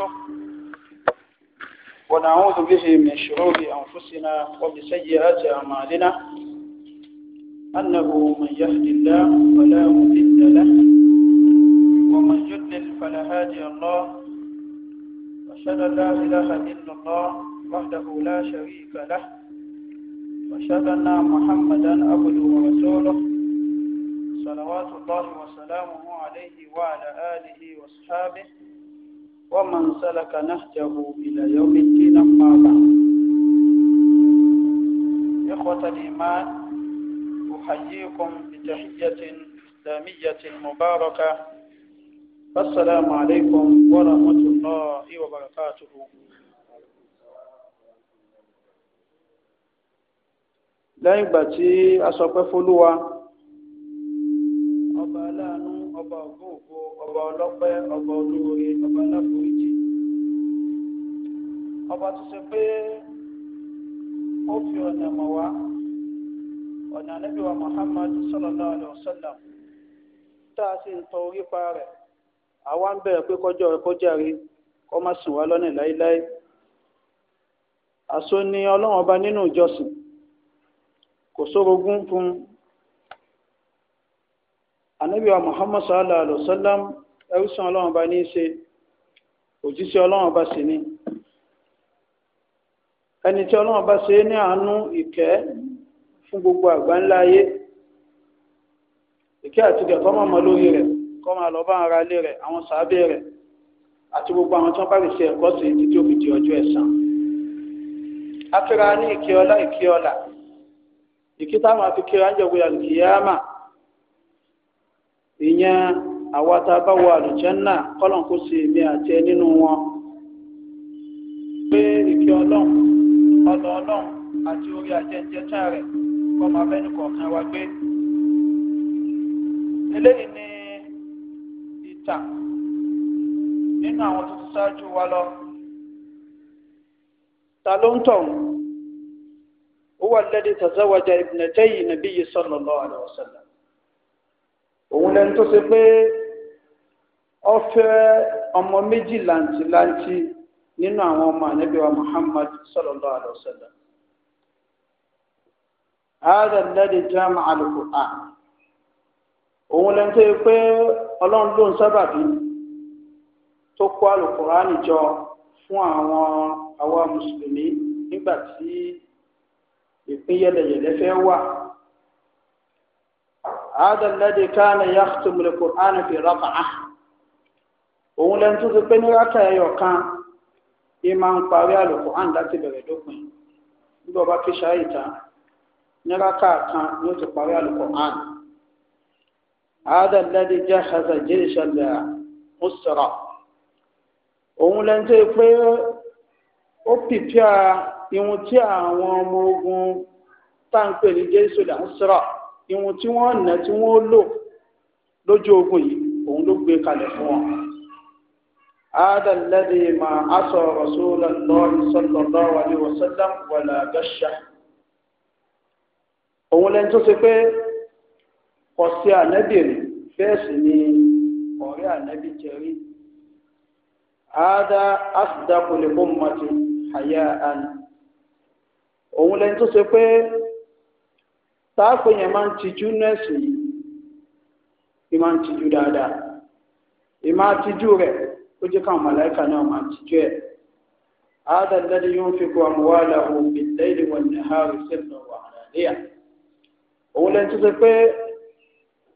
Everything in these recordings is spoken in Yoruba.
ونستغفره ونعوذ به من شرور أنفسنا وبسيئات أعمالنا أنه من يهد الله فلا مضل له ومن يضلل فلا هادي الله وأشهد أن لا إله إلا الله وحده لا شريك له وأشهد أن محمدا عبده ورسوله صلوات الله وسلامه عليه وعلى آله وأصحابه ومن سلك نهجه إلى يوم الدين أما بعد إخوة الإيمان أحييكم بتحية إسلامية مباركة السلام عليكم ورحمة الله وبركاته lẹ́yìn ìgbà tí a sọ pé fọlúwa ọba aláàánú ọba ògbó ọba ọlọ́pẹ́ ọba olóore ọba aláforíjì ọba tó ṣe pé ó fi ọ̀nà mọ̀ wá ọ̀nà Ànábì wa Muhammad sallallahu tá a sì ń tọ orípa rẹ̀ àwa ń bẹ̀rẹ̀ pé kọjọ́ kọ́ má sùn wá lọ́nà láéláé àṣọ ni ọlọ́run ọba ẹrú sàn ọlọ́run ọba ní í ṣe òjíṣẹ́ ọlọ́run ọba sì ni ẹni tí ọlọ́run ọba ṣe ní àánú ìkẹ́ fún gbogbo àgbáńlá ayé ìkẹ́ àti ìkẹ́ kọ́ máa mọ lórí rẹ̀ kọ́ máa lọ bá ara lé rẹ̀ àwọn sàábẹ̀ rẹ̀ àti gbogbo àwọn tí wọ́n bá lè ṣe ẹ̀kọ́ sí títí òfin di ọjọ́ ẹ̀san afẹ́ra ní ìkẹ́ ọlá ìkẹ́ ọlá ìkí táwọn afikẹ́ ránjọ́ gbé àwa tá a bá wọ àlùjànnà kọ́lọ̀ kó sì èmi àti ẹ nínú wọn. pé ìkẹ́ ọlọ́run ọlọ ọlọ́run àti orí ajẹ́jẹ́tà rẹ̀ kọ́ máa fẹ́ nìkọ̀ọ̀kan wa gbé. eléyìí ni ìtàn nínú àwọn tó ti ṣáájú wa lọ. ta ló ń tọ̀ huwa alladhi tazawwaja ibnatayi nabiyyi sallallahu alaihi wasallam òun lẹni tó ṣe pé ọfẹ́ ọmọ méjì làǹtìlanti nínú àwọn ọmọ ànábì wa Muhammad sallallahu alaihi wasallam hada alladhi jama'a al-Qur'an òun lẹ́nu tó yẹ pé ọlọ́run ló ń sábàbí tó kó al-Qur'an jọ fún àwọn àwa mùsùlùmí nígbà tí ìpín yẹlẹyẹlẹ fẹ́ wà hada alladhi kana yakhtimu al-Qur'an fi òun lẹni tó ti pé ní rákà ẹyọ kan yìí máa ń parí Al-Qur'an láti bẹ̀rẹ̀ dópin nígbà ọba fi ṣáàyè tán ní rákà kan ni ó ti parí Al-Qur'an àádọ́ lẹ́dí jẹ́ ẹsẹ̀ jírí ṣẹlẹ̀ ó sọ̀rọ̀ òun lẹni tó ti pé ó pìpìà ìhun tí àwọn ọmọ ogun táǹpẹ̀ ní jésù là ń sọ̀rọ̀ ìhun tí wọ́n nà tí wọ́n lò lójú ogun yìí òun ló gbé kalẹ̀ fún wọn. هذا الذي ما عصى رسول الله صلى الله عليه وسلم ولا غشه òun lẹni tó ṣe pé ọsẹ ànábì rí bẹ́ẹ̀ sì ni ọ̀rẹ́ ànábì jẹ rí هذا أصدق الأمة حياء òun lẹni tó ṣe pé táàpù yẹn máa ń tijú nẹ́ẹ̀sì yìí ì ń tijú dáadáa ì tijú rẹ̀. ó jẹ́ káwọn màláìka náà máa tijú ẹ̀ هذا الذي ينفق أمواله بالليل والنهار سرا وعلانية òun lẹ́ni tó ṣe pé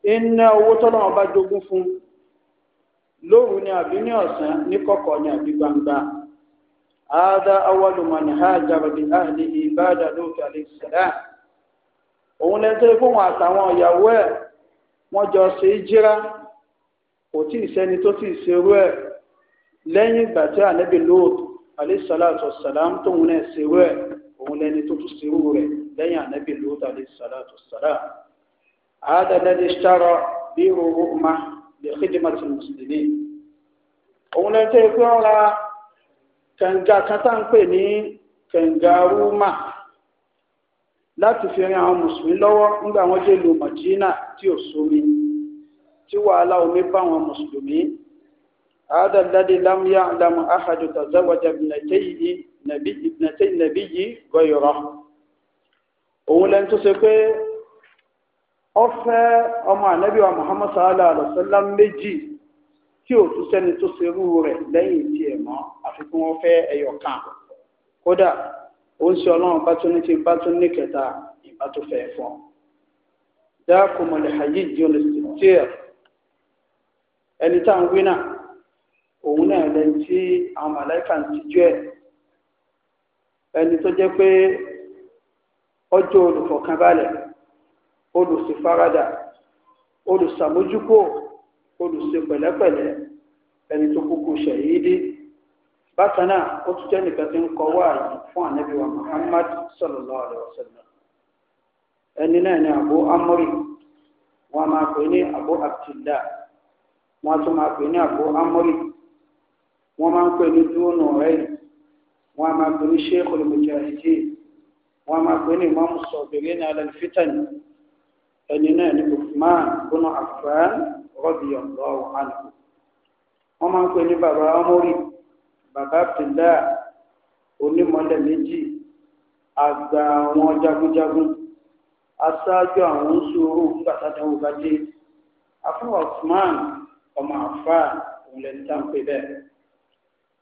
iná owó tọ́lọ́wọ́n bá jogún fún lóru ni àbí ní ọ̀sán ní ni àbí gbangba òun tó fún wọn àtàwọn ìyàwó ẹ̀ wọ́n jọ ṣe é jíra kò tí ì sẹ́ni tó tí ì ṣerú lẹ́yìn ìgbà tí ànábì lóòtù aleṣàlátù ọ̀sàlám tóun náà ṣerú ẹ̀ òun lẹni tó tún ṣerú rẹ̀ lẹ́yìn ànábì lóòtù aleṣàlátù ọ̀sàlám. هذا الذي اشترى به أمة لخدمة المسلمين òun lẹ́yìn tó yẹ kí wọ́n ra kànga kan tá à ń pè ní kànga rúmà láti fi rin àwọn mùsùlùmí lọ́wọ́ nígbà wọ́n dé lu Màdínà tí ò هذا الذي لم يعلم أحد تزوج ابنتيه نبي ابنتي النبي غيره أولا تسكي ọfẹ ọmọ wa muhammad sallallahu alaihi wa sallam o tuse sẹni tó serú rẹ̀ lẹ́yìn tí ẹ mọ àfikún ọfẹ ẹyọ kan kódà ó ń sọ Ọlọ́run bá òun náà lẹni tí àwọn màláìkà ń tijú ẹ̀ ẹni tó jẹ́ pé ọjọ́ olùfọ̀kànbalẹ̀ olùṣèfaradà olùṣàmójúkò olùṣepẹ̀lẹ́pẹ̀lẹ́ ẹni tó kúkú ṣẹ̀yídé bákan náà ó tún jẹ́ nìkan tí ń kọ wáàyè fún ànábì Muhammad sallallahu alaihi ẹni náà ni Abu Amri wọn máa pè ní Abu Abdillah wọn tún máa Amri. wọ́n máa ń pè ní dúnú rẹ̀ wọ́n á máa pè ní sheikhul mujahideen wọ́n á máa pè ní imamu sabirin ala al-fitan ẹni náà ní Uthman ibn Affan radiyallahu anhu wọ́n máa ń pè ní baba amori baba abdullahi onímọ̀lẹ̀ méjì àgbà àwọn jagunjagun aṣáájú àwọn oṣooru gbàtàdánwò bá dé afọ ọmọ Affan òun lẹni tá à ń pè bẹ́ẹ̀.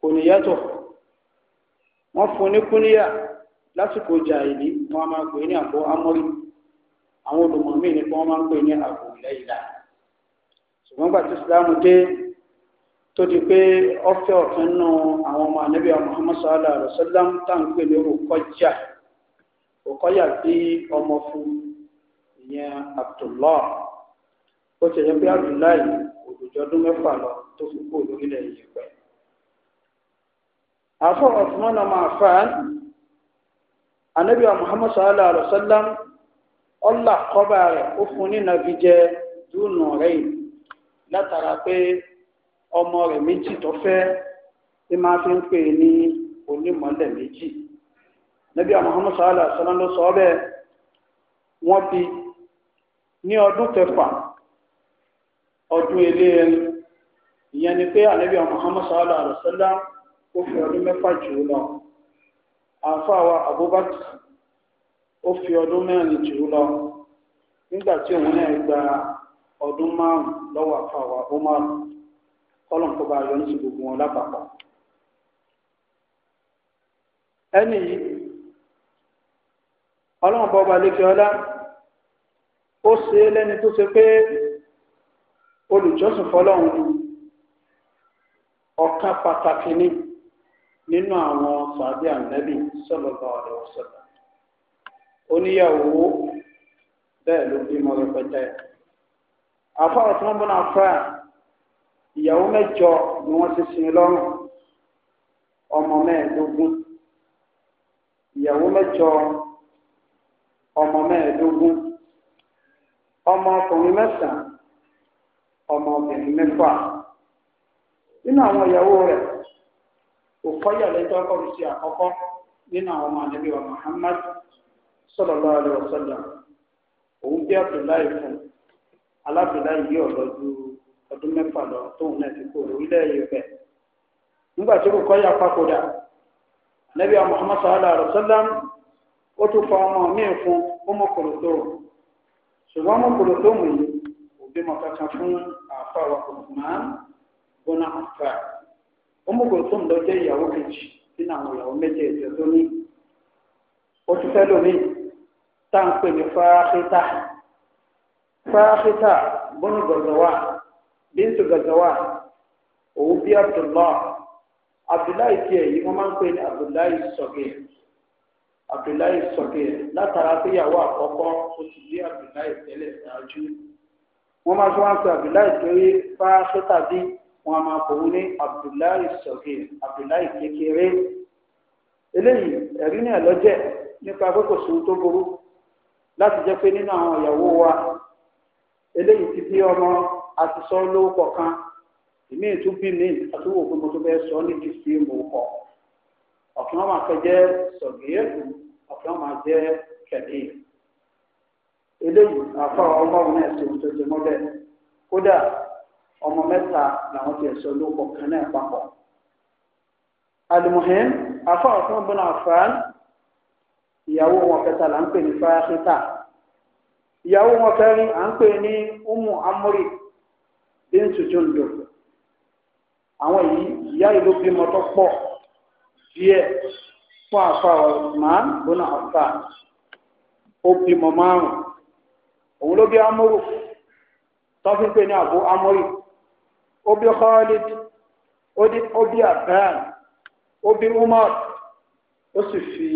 kùnìyàtọ̀ wọ́n fún ní kúníyà lásìkò jàìlì wọ́n máa pè ní àbọ̀ amọ́rí àwọn olùmọ̀mí ni wọ́n máa pè ní àbò ìlẹ́yìnlá ṣùgbọ́n gbàtí Islam dé tó di pé ọ̀fẹ́ ọ̀kan nù àwọn ọmọ ànábì Muhammad sallallahu alaihi wasallam tá ní bí ọmọ fún ìyẹn ó ti pé Abdullahi òdòjọ́ mẹ́fà lọ tó fi kú afọ ọtụmanụ ma afaan anabi muhammad sallallahu alaihi wa sallam ọlá kọba rẹ̀ ó fún ní nàgíjẹ dúnù rẹ̀ látara pé ọmọ rẹ̀ méjì tó fẹ́ ẹ e máa fi ń pè ní onímọ̀lẹ̀ méjì nàbí muhammad sallallahu alaihi wa sallam ló sọ bẹ́ẹ̀ wọ́n bí ní ọdún kẹfà ọdún eléyẹn ìyẹn ni pé anabi muhammad sallallahu alaihi wa sallam. ó fi ọdún mẹ́fà jù ú lọ àáfàá wa Abubakar ó fi ọdún mẹ́rin jù ú lọ nígbà tí òun náà gba ọdún márùn lọ́wọ́ àáfàá wa Umar kọlọn kó bá yọ ní ti gbogbo wọn lápapọ̀ ẹni yìí ọlọ́run bọ́ba lékè ọlá ó ṣe é lẹ́ni tó ṣe pé olùjọ́sìn fọlọ́run ọ̀kan pàtàkì ni. nínú àwọn sàbí ànábì sallallahu alaihi wasallam oníyàwó bẹ́ẹ̀ ló bímọ rẹpẹtẹ àfọwọ́ tí wọ́n bọ́ náà fẹ́ ìyàwó mẹ́jọ ni wọ́n ti sin lọ́rùn ọmọ mẹ́ẹ̀ẹ́dógún ìyàwó mẹ́jọ ọmọ mẹ́ẹ̀ẹ́dógún ọmọ ọkùnrin mẹ́sàn-án ọmọ obìnrin mẹ́fà nínú àwọn ìyàwó rẹ̀. kò fọyà lẹjọ kọlu sí àkọ́kọ́ nínú àwọn ọmọ àdébí wa Muhammad sallallahu alaihi wasallam òun bí Abdullahi fún alábìláì yí ọ̀dọ́ ju ọdún mẹ́fà lọ tóun náà ti kó orílẹ̀ Yorùbá nígbà tí kò kọyà papòdà wa Muhammad sallallahu alaihi wasallam ó tún fa ọmọ ọmọkùnrin lọ jẹ́ ìyàwó kejì sínú àwọn ìyàwó méje ẹ̀jẹ̀ tó ní ó ti fẹ́ lómi tá à ń pè ní fáráhítà fáráhítà bọ́nù gọ̀gọ̀wà bíntù gọ̀gọ̀wà òun bí abdullahi abdullahi tiẹ̀ yìí wọ́n máa ń pè ní abdullahi sọ̀gẹ̀ abdullahi sọ̀gẹ̀ látara pé ìyàwó àkọ́kọ́ ó ti bí abdullahi tẹ́lẹ̀ ṣáájú wọ́n máa tún wá ń pè abdullahi torí fáráhítà bíi. wọn a máa kọ ní abdullahi sọ̀gìn abdullahi kékeré eléyìí ẹ̀rí náà lọ́jẹ̀ nípa pé tó burú láti jẹ pé nínú àwọn ìyàwó wa eléyìí ti bí ọmọ ti sọ lórúkọ kan ìmí ìtú bí mi àtúwò pé mo tó bẹ sọ ní wọn wọn ọmọ mẹ́ta làwọn ti ẹ̀sọ́ lóko kan náà papọ̀. alimuhim afa ọ̀sán bọ́nà afaan ìyàwó wọn kẹta là ń pè ní fáyásítà ìyàwó wọn kẹrin à ń pè ní umu amuri bíntu jundo àwọn yìí ìyá ìlú bímọ tó pọ̀ díẹ̀ fún afa ọ̀sán bọ́nà afaan ó bímọ márùn-ún òun ló bí amuru tọ́fíńpé ní àbú amuri. Obi bí Khalid ó obi Abban ó Umar ó sì fi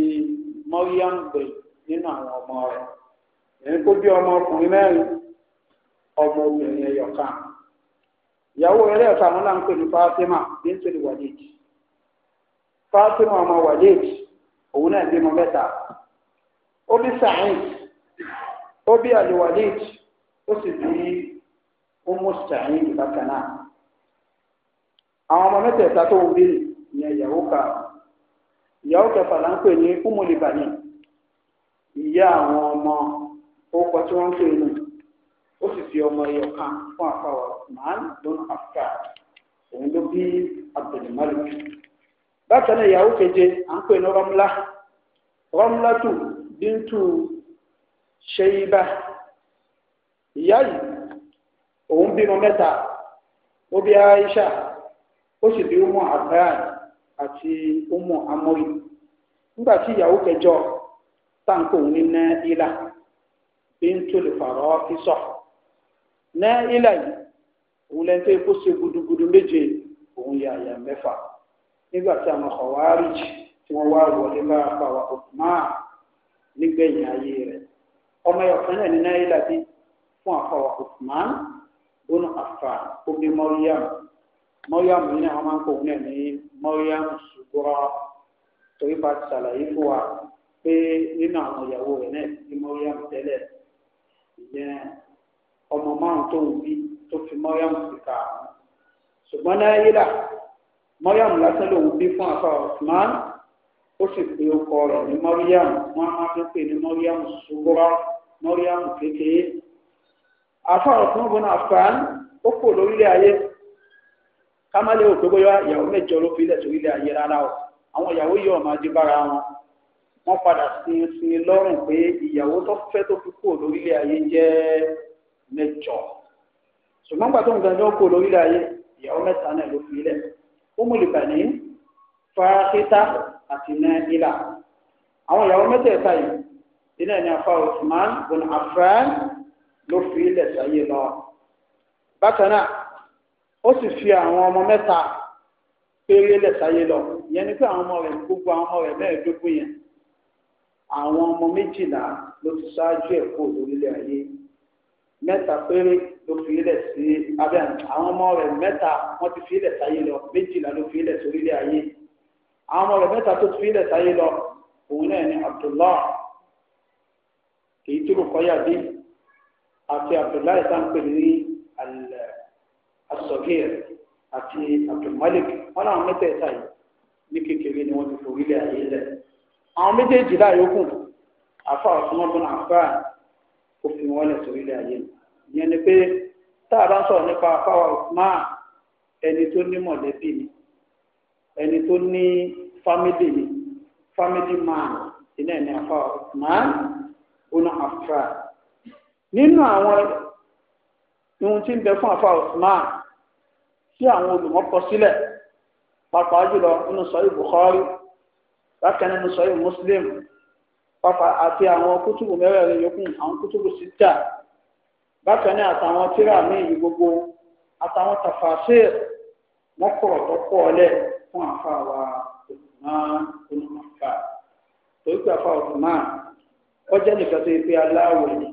Maryam gbè nínú àwọn ọmọ rẹ̀ ẹni kó bí ọmọ ọkùnrin ọmọ obìnrin ẹ̀yọ̀kan ìyàwó eré ẹ̀ka àwọn náà ń pè ní Fatima bíntu Walid Fatima ọmọ Walid òun àwọn ọmọ mẹ́tẹ̀ẹ̀ta tó ń bíi ìyẹn ìyàwó ká ìyàwó kẹfà là ń pè ní kúmọlìbàní ìyá àwọn ọmọ orúkọ tí wọ́n ń pè ní ó sì fi ọmọ ẹyọ kan fún àfàwọ màálù lọnà áfíríkà òun ló bí abdulmalik bákan náà ìyàwó keje à ń pè ní rọmúlá rọmúlátù bíntù ṣeyíbá ìyá yìí òun bímọ mẹ́ta ó bí aisha ó sì bí umu abdul àti umu amori nígbà tí ìyàwó kẹjọ táǹkò ní náílà bintul farafisa náílà yìí òun lẹ́nu tó kó ṣe gudugudu méje òun yà yà mẹ́fà nígbà tí àwọn kọ̀wárìjì tí wọ́n wá wọlé bá bá wa Uthman nígbẹ̀yìn ayé rẹ̀ ọmọ ẹ̀kan náà ní náílà bí fún àfọwọ́ Uthman bónú àfà omi mọ́ríyàmù mọ́ríàmù yìí náà wọ́n máa ń kó òun ní mọ́ríàmù ṣùgbọ́n torí pa ti ṣàlàyé fún wa pé nínú àwọn ìyàwó rẹ̀ náà ti mọ́ríàmù tẹ́lẹ̀ ìyẹn ọmọ márùn tó ń bí tó fi mọ́ríàmù sí ká ṣùgbọ́n láyé là mọ́ríàmù lásán lòun bí fún àfa Usman ó sì pe ọkọ rẹ̀ ní mọ́ríàmù wọ́n máa fi pè ní mọ́ríàmù ṣùgbọ́n mọ́ríàmù kékeré àfa Usman bọ́nà àfàn ó kò lórílẹ̀ ayé kámálẹ̀ ò pé bóyá ìyàwó mẹ́jọ ló fi lẹ́sùn ilé ayé rárá o àwọn ìyàwó yìí ọ̀ma dé bára wọn wọ́n padà sin sin lọ́rùn pé ìyàwó tó fẹ́ tó fi kúrò lórílẹ̀ ayé jẹ́ mẹ́jọ ṣùgbọ́n gbà tó ń gbàgbọ́ kúrò lórílẹ̀ ayé ìyàwó mẹ́ta náà ló fi lẹ̀ ó mú ìbàní farahita àti nàìjíríà àwọn ìyàwó mẹ́tẹ̀ẹ̀ta yìí iná ní afa Usman bin Affan ló fi lẹ̀ sáyé lọ bákan náà ó sì fi àwọn ọmọ mẹ́ta péré lẹ̀sáyé lọ ìyẹn ni pé àwọn ọmọ rẹ̀ gbogbo àwọn ọmọ rẹ̀ mẹ́ẹ̀ẹ́dógún yẹn àwọn ọmọ méjìlá ló ti ṣáájú ẹ̀ kó lórílẹ̀ ayé mẹ́ta péré ló fi ilẹ̀ sí abẹ́ àwọn ọmọ rẹ̀ mẹ́ta wọ́n ti fi ilẹ̀ sáyé lọ méjìlá ló fi ilẹ̀ sórílẹ̀ ayé àwọn ọmọ rẹ̀ mẹ́ta tó ti fi ilẹ̀ sáyé lọ òun náà ni Abdullah kìí tó kọ́ yàgbé àti Abdullah ìsànpẹ̀ ní alẹ́. asọ̀gẹ́ẹ̀ àti abdulmalik wọn làwọn mẹ́tẹ̀ẹ̀ta yìí ní kékeré ni wọ́n ti ayé lẹ̀ àwọn méjèèjì láàyò kù àfa ọ̀sùnmọ́ àfa kò fi wọ́n ayé yẹn ni pé tá a bá ń sọ̀rọ̀ nípa àfa ọ̀sùnmọ́ ẹni tó ní ni ẹni tó ní ni máa iná ẹni ọ̀nà àfa nínú àwọn ohun tí ń bẹ fún tí àwọn olùmọ̀ kọ sílẹ̀ pàápàá jùlọ nínú sọ́yìn Bukhari bákan nínú sọ́yìn Muslim pàápàá àti àwọn kútùbù mẹ́rẹ̀ẹ̀rin yòókù àwọn kútùbù sítà bákan náà àtàwọn tíra míì gbogbo àtàwọn tàfàṣìr wọn kọ̀ tó pọ̀ lẹ̀ fún àfàwà olùmọ̀ olùmọ̀ká torí pé àfàwà olùmọ̀ ọjọ́ nìkan tó yẹ pé aláwọ̀ ni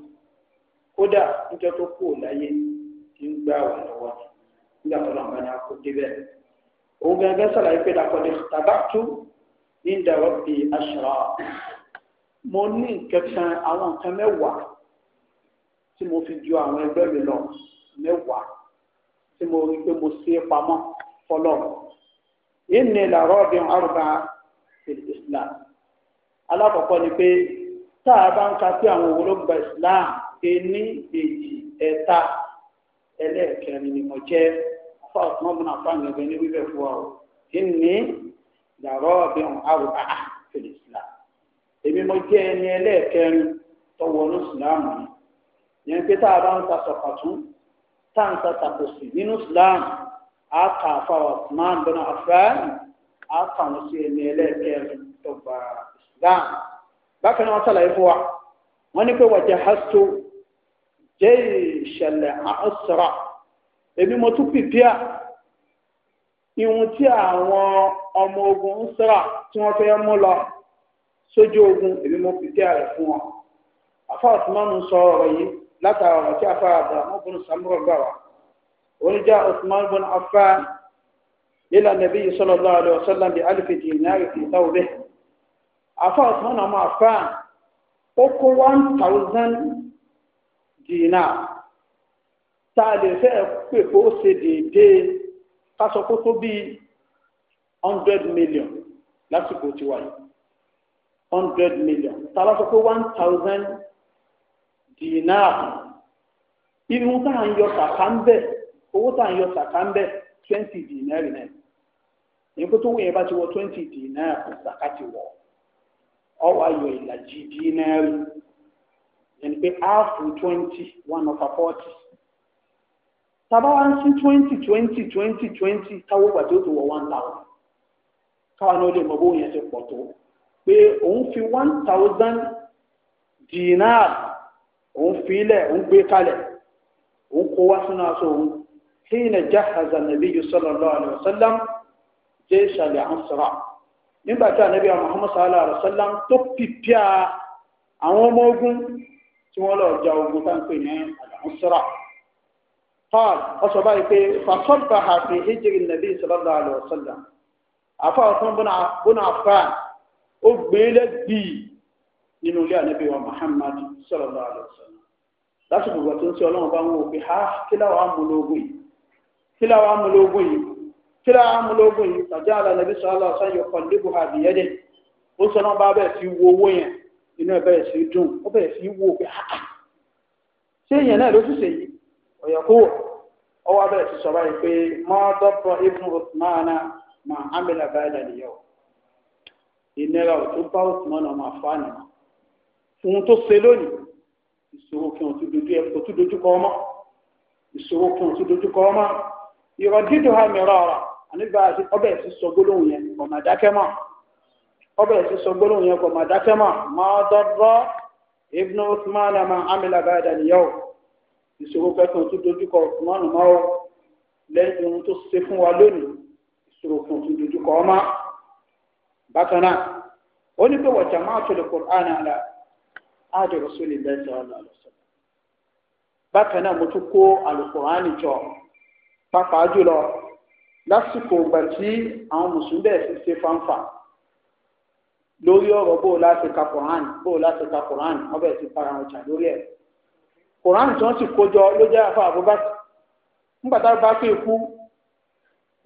kódà níjọ́ tó kù láyé ti ń gbà wà lọ́wọ́ ni nígbà tó lọ́nà ni a kó débẹ̀. òun gẹ́gẹ́ sàlàyé pé dàkọ́dé tàbátú ní ìdàrọ́ bí aṣọra mo ní nǹkan kan àwọn nǹkan mẹ́wàá tí mo fi ju àwọn ẹgbẹ́ mi lọ mẹ́wàá tí mo rí pé mo ṣe é pamọ́ fọlọ́ ìní làrọ́ bí arúgbá islam alákọ̀ọ́kọ́ ni pe, tá a bá ń ka pé àwọn òwúrọ̀ islam ení èjì eta, ẹlẹ́ẹ̀kẹrin ni mo jẹ́ afa ọ̀sán ọ̀gbọ́n afa gẹ́gẹ́ ní wíwẹ̀ fún wa o ìní dàrọ́ ọ̀bẹ ọ̀hún àrùbá fèrè sílá èmi mo jẹ́ ẹni ẹlẹ́ẹ̀kẹrin tọwọ́ ní sùlámù yìí yẹn pé tá a bá ń ta sọ̀kàtún tá a ń ta tàkòsì nínú sùlámù a kà afa ọ̀sán ọ̀gbọ́n afa a kà wọ́n sí ẹni ẹlẹ́ẹ̀kẹrin tọgbà sùlámù bákan náà wọ́n sàlàyé fún wa wọ́n ní pé wàjẹ́ hasto jẹ́ ìṣẹ̀lẹ̀ àọ́sọ̀rọ̀ èmi mo tún pìpíà ìhun tí àwọn ọmọ ogun ń sra tí wọ́n fẹ́ mú lọ sójú ogun èmi mo pìpíà rẹ̀ fún wọn afa Usman sọ ọ̀rọ̀ yìí látara ọ̀rọ̀ tí afa Abdulrahman bin Samura gbà wá oníjà Usman bin Affan ila nabi sallallahu alaihi wasallam bi alif dinar fi tawbe afa Usman ọmọ Affan ó kó one thousand dinar. tá a lè fẹ́ pè kó ṣe déédéé ká kó tó bíi hundred million lásìkò tí wáyé hundred million tá a bá sọ pé one thousand dinar irun tá ń yọ sàkà ń bẹ̀ owó tá ń yọ sàkà ń twenty dinar èyí kó tó wọ̀nyẹn bá ti wọ twenty dinar sàkà ti ìlàjì dinar pé half twenty one over forty. tàbá wá ń sí twenty twenty twenty twenty káwọ́ gbà tí ó ti wọ one thousand káwa náà lè mọ bó yẹn ti pọ̀ tó pé òun fi one thousand dinar òun fi ilẹ̀ òun gbé kalẹ̀ òun kó wá sínú aṣọ òun hina jahaza nabiyyu sallallahu alayhi wa sallam jaysha li ansara nígbà tí anabi muhammad sallallahu alayhi wa sallam tó pìpìà àwọn ọmọ ogun tí wọ́n lọ ja ogun tá n pè ní alansara. paul ọsọ báyìí pé fasọ́lùfà àfi hijiri nàbí sọlọ́lá àlọ́sọ́lá àfa ọ̀sán bọ́nà àfa ó gbélé bíi nínú ilé ànábì wa muhammad sọlọ́lá àlọ́sọ́lá lásìkò ìgbà tó ń sọ ha kila láwọn amúlógún yìí kila láwọn amúlógún yìí kila láwọn amúlógún yìí tàjá àlọ́ nàbí ha ọ̀yọ̀kú ọwọ́ abẹ́rẹ́ ti sọ báyìí pé mọ́ọ́dọ́pọ̀ ibn usman ma amila báyìí nìyẹn o ìnira òtún bá usman ọmọ àfáàní fún tó ṣe lónìí ìṣòro kí wọn tún dojú ẹ kó tún dojú kọ ọmọ ìṣòro kí wọn tún dojú kọ ọmọ ìrọ̀ dídùn ha mìíràn ọ̀rọ̀ àníbà ọbẹ̀ ti sọ gbólóhùn yẹn kò má dákẹ́ mọ́ ọbẹ̀ ti sọ gbólóhùn yẹn kò má dákẹ́ mọ́ mọ́ọ́dọ́pọ̀ ibn usman ma amila báyìí nìyẹn o ìṣòro kẹfọn tó dojúkọ ọmọnù máa wọ lẹ́yìn ohun tó ṣe fún wa lónìí ìṣòro kan tó dojúkọ ọmọ bákan náà ó ní pé wọ̀jà máa tó lè Kùránì àlà áàdì rọ̀ṣọ́lì lẹ́sẹ̀ ọ̀nà àlọ́sọ̀ bákan náà mo tún kó Àlùkùránì jọ pàápàá jùlọ lásìkò ìgbà tí àwọn mùsùlùmí bẹ̀rẹ̀ sí ṣe fáńfà lórí ọ̀rọ̀ bó o láti ka Kùránì bó o láti ka Kùránì wọ́n bẹ̀rẹ̀ sí para wọn jà lórí ẹ̀ koran tí wọ́n sì kójọ ló jẹ́ afa abubakar nígbà bá fi kú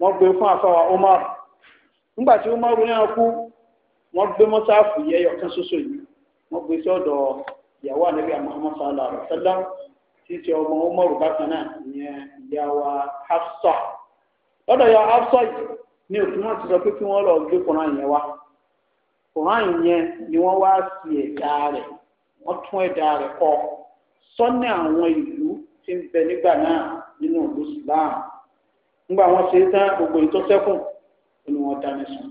wọ́n gbé fún afa wa wọ́n gbé ṣoṣo yìí wọ́n gbé sí ọ̀dọ̀ ìyàwó muhammad sallallahu alaihi wa tí ti ọmọ bákan náà ìyẹn hafsa ya hafsa yìí ni ti sọ pé gbé yẹn wá yẹn ni wọ́n wá sọ́nà àwọn ìlú tí ń bẹ nígbà náà nínú ìlú Islam nígbà wọn ṣe tán gbogbo èyí tó ṣẹ́kù ni wọ́n dání sùn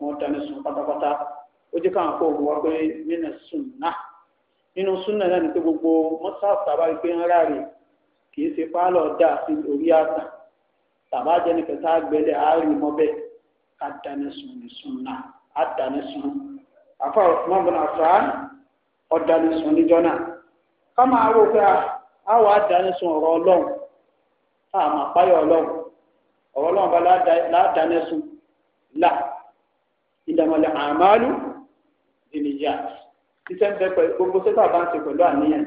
wọ́n dání sùn pátápátá ó jẹ́ káwọn kó òun pé nínú sunna nínú sunna náà ni pé gbogbo mọ́sáàfù tàbá rí pé ńlá rè kì í ṣe pálọ̀ dà sí orí àtà tàbá jẹ́ nìkan tá a gbẹ́lẹ̀ á rí mọ́ bẹ́ẹ̀ ká dání sùn ní sunna á dání sùn àfọwọ́sùn náà bọ̀ á ọ̀ sùn níjọ́ náà ká máa rò pé a wà á dání sun ọ̀rọ̀ ọlọ́run a máa páyọ̀ ọlọ́run ọ̀rọ̀ ọlọ́run bá ládání sun là ìdàmọ̀lẹ̀ àmàlù ìnìyà iṣẹ́ ń bẹ pẹ̀lú gbogbo sẹ́tà bá ń ṣe pẹ̀lú àníyàn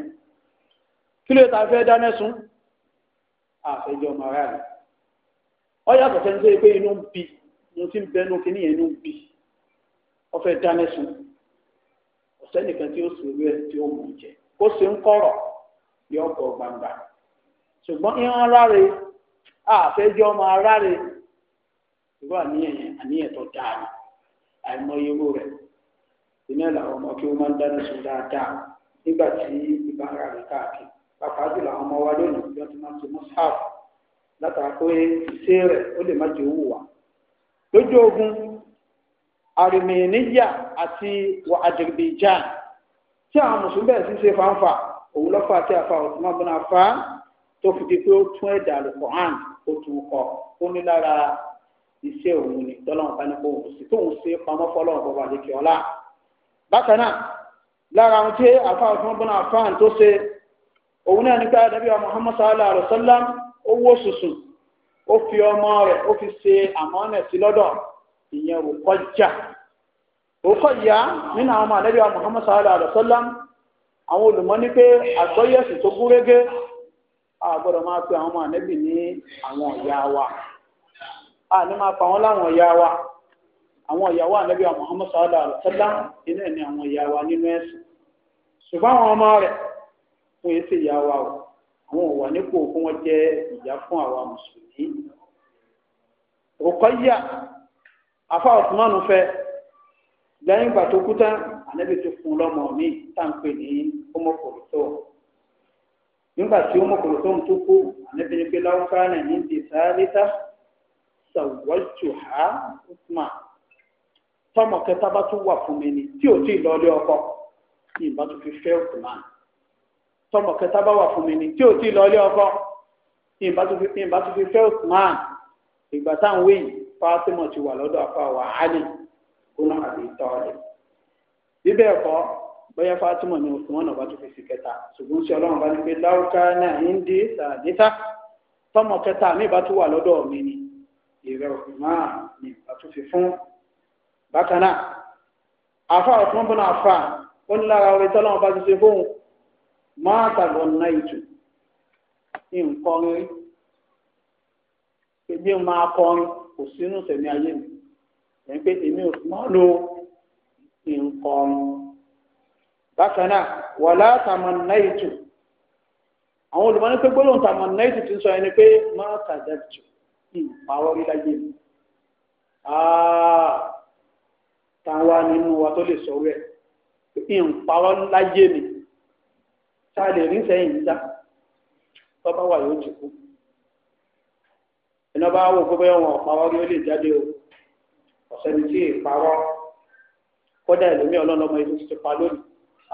kí ló ta fẹ́ dání sun àfẹjọ́ màrá rẹ̀ ọ yàtọ̀ sẹ́ni tó yẹ pé inú ń bi mo ti ń bẹnu kínní yẹn inú ń bi ọ fẹ́ dání sun ọ̀sẹ́ nìkan tí ó sùn lórí ẹ̀ tí ó mọ̀ jẹ́ kó ṣe ń kọ̀rọ̀ yọ ọkọ̀ gbangba ṣùgbọ́n ìran aráre àfẹ́jọ́ ọmọ aráre irú àníyàn àníyàn tó dáa àìmọye irú rẹ̀ ìní ẹ̀ ọmọ kí wọ́n máa ń dáná sun dáadáa nígbà tí ìbá ara káàkiri jùlọ àwọn ọmọ wa lónìí bí wa lójú ogun àti tí àwọn mùsùlùmí bẹ̀rẹ̀ sí ṣe fanfa òun lọ́fà tí a fa Usman bin Affan tó fi di pé ó tún ẹ̀dà Al-Qur'an ó tún ó ní lára iṣẹ́ òun ni tọ́lọ́run bá ní kó òun sí tóun ṣe pamọ́ fọlọ́run bọ́ba lékè ọlá. bákan náà lára àwọn tí àfa Usman bin tó Muhammad sallallahu alayhi wa sallam ó ọmọ rẹ̀ ó fi ṣe ó kọ̀yà nínú àwọn àlẹ́bíà Muhammad sallallahu alaihi wasallam àwọn olùmọ́ ní pé àgbọ́yẹ̀sì tó máa pe àwọn àlẹ́bì ní àwọn ìyá wa àní máa pa wọ́n láwọn ìyá wa àwọn ìyàwó àlẹ́bíà Muhammad sallallahu alaihi wasallam inú ẹ̀ ní àwọn wa nínú ẹ̀sìn ṣùgbọ́n àwọn ọmọ rẹ̀ fún èsì ìyá wa o àwọn ò wà nípò fún wọn jẹ́ ìyá fún àwa lẹ́yìn ìgbà tó kú tán ànábì tó fún lọ́mọ mi tá à ń pè ní ọmọkòròtò nígbà tí ọmọkòròtò tó kú ànábì ní pé láwùká náà ní ti sáálítà sàwọ́jù ha usma tọmọ kẹta bá tún wà fún mi ni tí ò tí ì lọ ilé ọkọ ní ìbá tó fi fẹ́ òkùnmá tọmọ kẹta bá wà fún mi ni tí ò tí ì lọ ilé ọkọ ní ìbá tó fi fẹ́ òkùnmá ìgbà táwọn wéyìí Fátímọ̀ ti wà lọ́dọ̀ àfa wà á nìyí fún àbí tọ́ọ̀lì bíbẹ̀ ẹ̀kọ́ bóyá Fatima ni wọn náà bá tún fi sí kẹta ṣùgbọ́n sí ọlọ́run bá ní pé láwùká náà ń dé sàdétà tọmọ kẹta mi bá tún wà lọ́dọ̀ mi ni ìrẹ̀ òfin máa ní bá tún fi fún bákan náà àfa ọ̀tún bọ́nà àfa ó ní lára orí tọ́lọ́run bá ti ṣe fóun máa tàgbọ̀ náà ìtù nǹkan rí pé bí n kò sínú sẹ̀mí ayé mi ẹni pé èmi ò mọ́ lo nǹkan bákan náà wàlá tàmánáìtù àwọn olùmọ̀ ní pé gbólóhùn tàmánáìtù ti sọ ẹni pé má tàdájù ìpàwọ́ rí láyé mi táwa nínú wa tó lè sọ̀rọ̀ ẹ̀ ìpàwọ́ láyé mi tá a lè rí sẹ́yìn níta tọ́ba wà yóò ti kú ẹni ọba wò gbogbo ẹ̀wọ̀n ọ̀pá wọ́n rí lè jáde o. sẹni tí ìparọ́ kódà ọlọ́lọ́mọ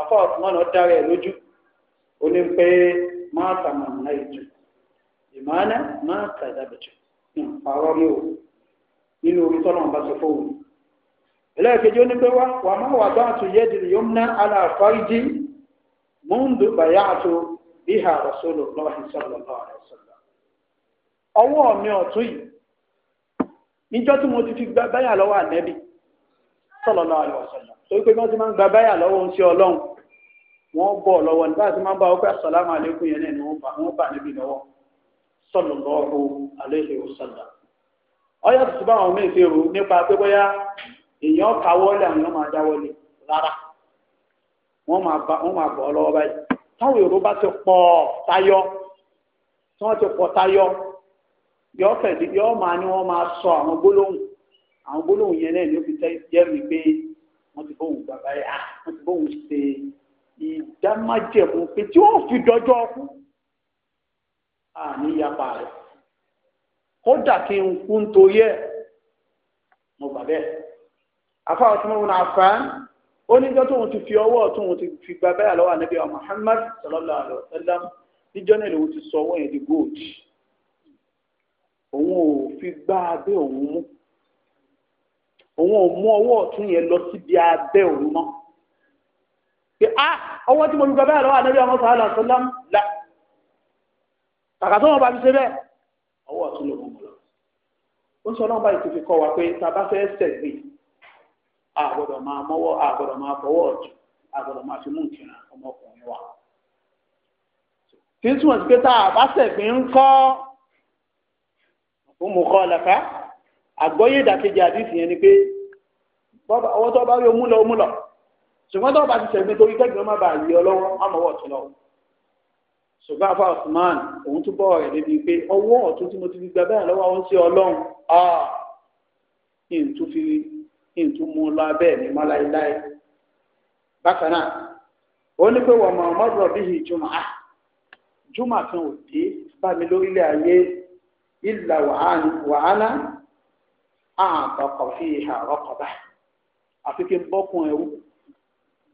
afọ ọ̀túnmọ́nà dára ẹ̀ lójú ó ní pé máa tàmà náà ìmọ̀ọ́nà máa ní o nínú orí bá ti fóun ẹlẹ́ẹ̀kejì ó ní pé wá wà má wà yóò ná múndù bíhà níjọ́ tí mo ti fi gba báyà lọ́wọ́ ànẹ́bí sallallahu alaihi wasallam torí pé wọ́n ti máa ń gba báyà lọ́wọ́ oúnjẹ ọlọ́run wọ́n bọ̀ lọ́wọ́ nígbà tí bá ọkọ̀ yẹn ní wọ́n níbi lọ́wọ́ ti bá àwọn rò nípa pé bóyá èèyàn àwọn máa dáwọ́ lé rárá wọ́n máa bọ̀ yọ fẹ̀lẹ́ yọ máa ní wọ́n máa sọ àwọn gbólóhùn àwọn gbólóhùn yẹn náà ló fi jẹ́rìí pé wọ́n ti bóun bàbá yà ah, wọ́n ti bóun ṣe ìdámájẹ̀mú pé tí wọ́n fi dọjọ́ ọkú àní yapa rẹ̀ kódà kí n kú nítorí ẹ̀ mo gbà bẹ́ẹ̀ afáwọn tí wọn náà fà á oníjọ tóun ti fi ọwọ́ tóun ti fi gbà bẹ́ẹ̀ lọ́wọ́ ànábì wa Muhammad sallallahu alayhi wa sallam níjọ́ náà lòun ti sọ ọwọ́ yẹn di góòdì òun ò fi gbá abẹ́ òun mú òun ò mú ọwọ́ ọ̀tún yẹn lọ síbi abẹ́ òun mọ́ pé a ah, ọwọ́ tí mo fi gbà bẹ́ẹ̀ lọ́wọ́ ànábì ọmọ sàálà sọlá la kàkà tó wọn bá fi ṣe bẹ́ẹ̀ ọwọ́ ọ̀tún lòun mọ̀ lọ ó sọ náà báyìí tó fi kọ́ wa pé tá a bá fẹ́ sẹ̀gbẹ́ a gbọ́dọ̀ máa mọ́wọ́ a gbọ́dọ̀ máa fọwọ́ ọ̀tún a gbọ́dọ̀ máa fi mú ìkìlá ọmọkùnrin wa kí n túmọ̀ sí pé tá a bá sẹ̀gbẹ́ ń kọ́ ó mú kọ́ ọ̀làfà àgbọ́yé ìdàkejì àdìsí yẹn ni pé ọwọ́ tó bá rí omú lọ omú lọ ṣùgbọ́n tó bá ti sẹ̀gbẹ́ torí kẹ́gbẹ́ má bàa yí ọ lọ́wọ́ àmọ́wọ́ ọ̀tún lọ. ṣùgbọ́n afa Usman òun tún bọ́ ọ̀rẹ́ débi pé ọwọ́ ọ̀tún tí mo ti fi gba bẹ́ẹ̀ lọ́wọ́ àwọn sí ọlọ́run ah! kí n tún fi kí n tún mú un lọ abẹ́ mi má láéláé. bákan náà ó ní pé wọ́n mọ̀ ọmọdé rọ̀ ìlà wàhánà àtọkọ̀ fi ìhà rọ́kọ̀bá àfi kí n bọ́kùn ẹrú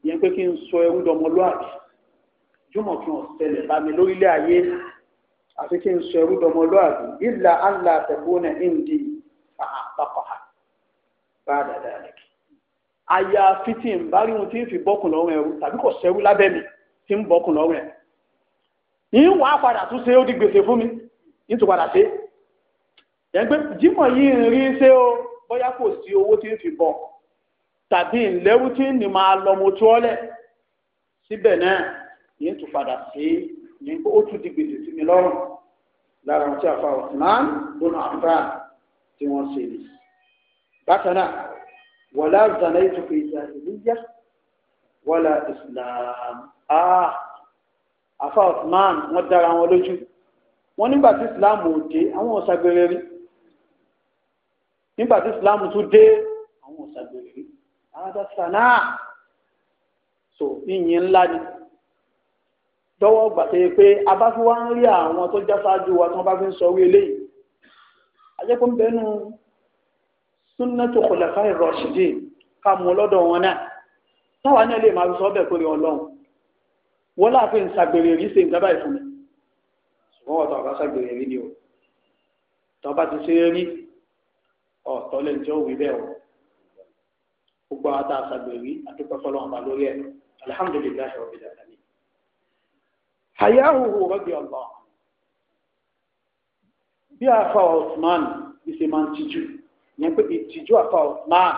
yẹn pé kí n sọ ẹrú dọmọlúàbí jùmọ̀ kí wọ́n ṣẹlẹ̀ bá mi lórílẹ̀ ayé àfi kí n sọ ẹrú dọmọlúàbí ìlà àlà àtẹ̀kùnà ìndì àtọkọ̀ ha bá dàda rẹ̀ kí. aya fiti ń bá rí wọn tí ń fi bọ́kùn lọ́rùn ẹrú tàbí kò sẹ́rú lábẹ́ mi tí ń bọ́kùn lọ́rùn ẹ̀. yìí wàá padà tún ṣe ó di gbèsè fún mi nítorí padà ṣe é yẹnpẹ jímọ̀ yìí ń rí ṣé o bóyá kò sí owó tí ń fi bọ̀ tàbí ìlẹ́wù tí ń ní máa lọ mo tó ọ́lẹ̀ síbẹ̀ náà yìí ń tún padà sí ní ó tún di gbèsè sí mi lọ́rùn lára ohun tí a fa Usman bọ́nà àbúrà tí wọ́n ṣe ni. bákan náà wọlé àzànà ìtòkè ìjà ìlúyà wọlé Islam ah, àfa Usman wọ́n dára wọn lójú wọ́n nígbà tí Islam ò dé àwọn ò ṣàgbére rí nígbà tí islam tún dé àwọn òṣàgbèrè àwọn sànà so ìyìn ńlá ni dọwọ gbàtẹ pé abáfi wa ń rí àwọn tó já sáájú wa tí wọn bá fi ń sọ wí eléyìí ajẹpọ ń bẹnu sunnatu khulafai rashidin ká mú lọ́dọ̀ wọn náà táwa náà lè máa fi sọ ọbẹ pé Ọlọ́run wọn láàfin ṣàgbèrè rí ṣe nǹkan báyìí fún wọn tó ọba ṣàgbèrè rí ni o tó ọba ti ṣe é rí ọ̀tọ́ lẹ́nu tí ó wí bẹ́ẹ̀ o gbogbo àwọn tá a sàgbèrè àdúpẹ́ fọlọ́wọ́n bá lórí ẹ̀ alihamudulilayi ọ̀bí dàdàmí. àyàwó rọ́bì ọ̀lọ́ bí afa Osman bí ṣe máa ń tijú yẹn pé ìtìjú afa Osman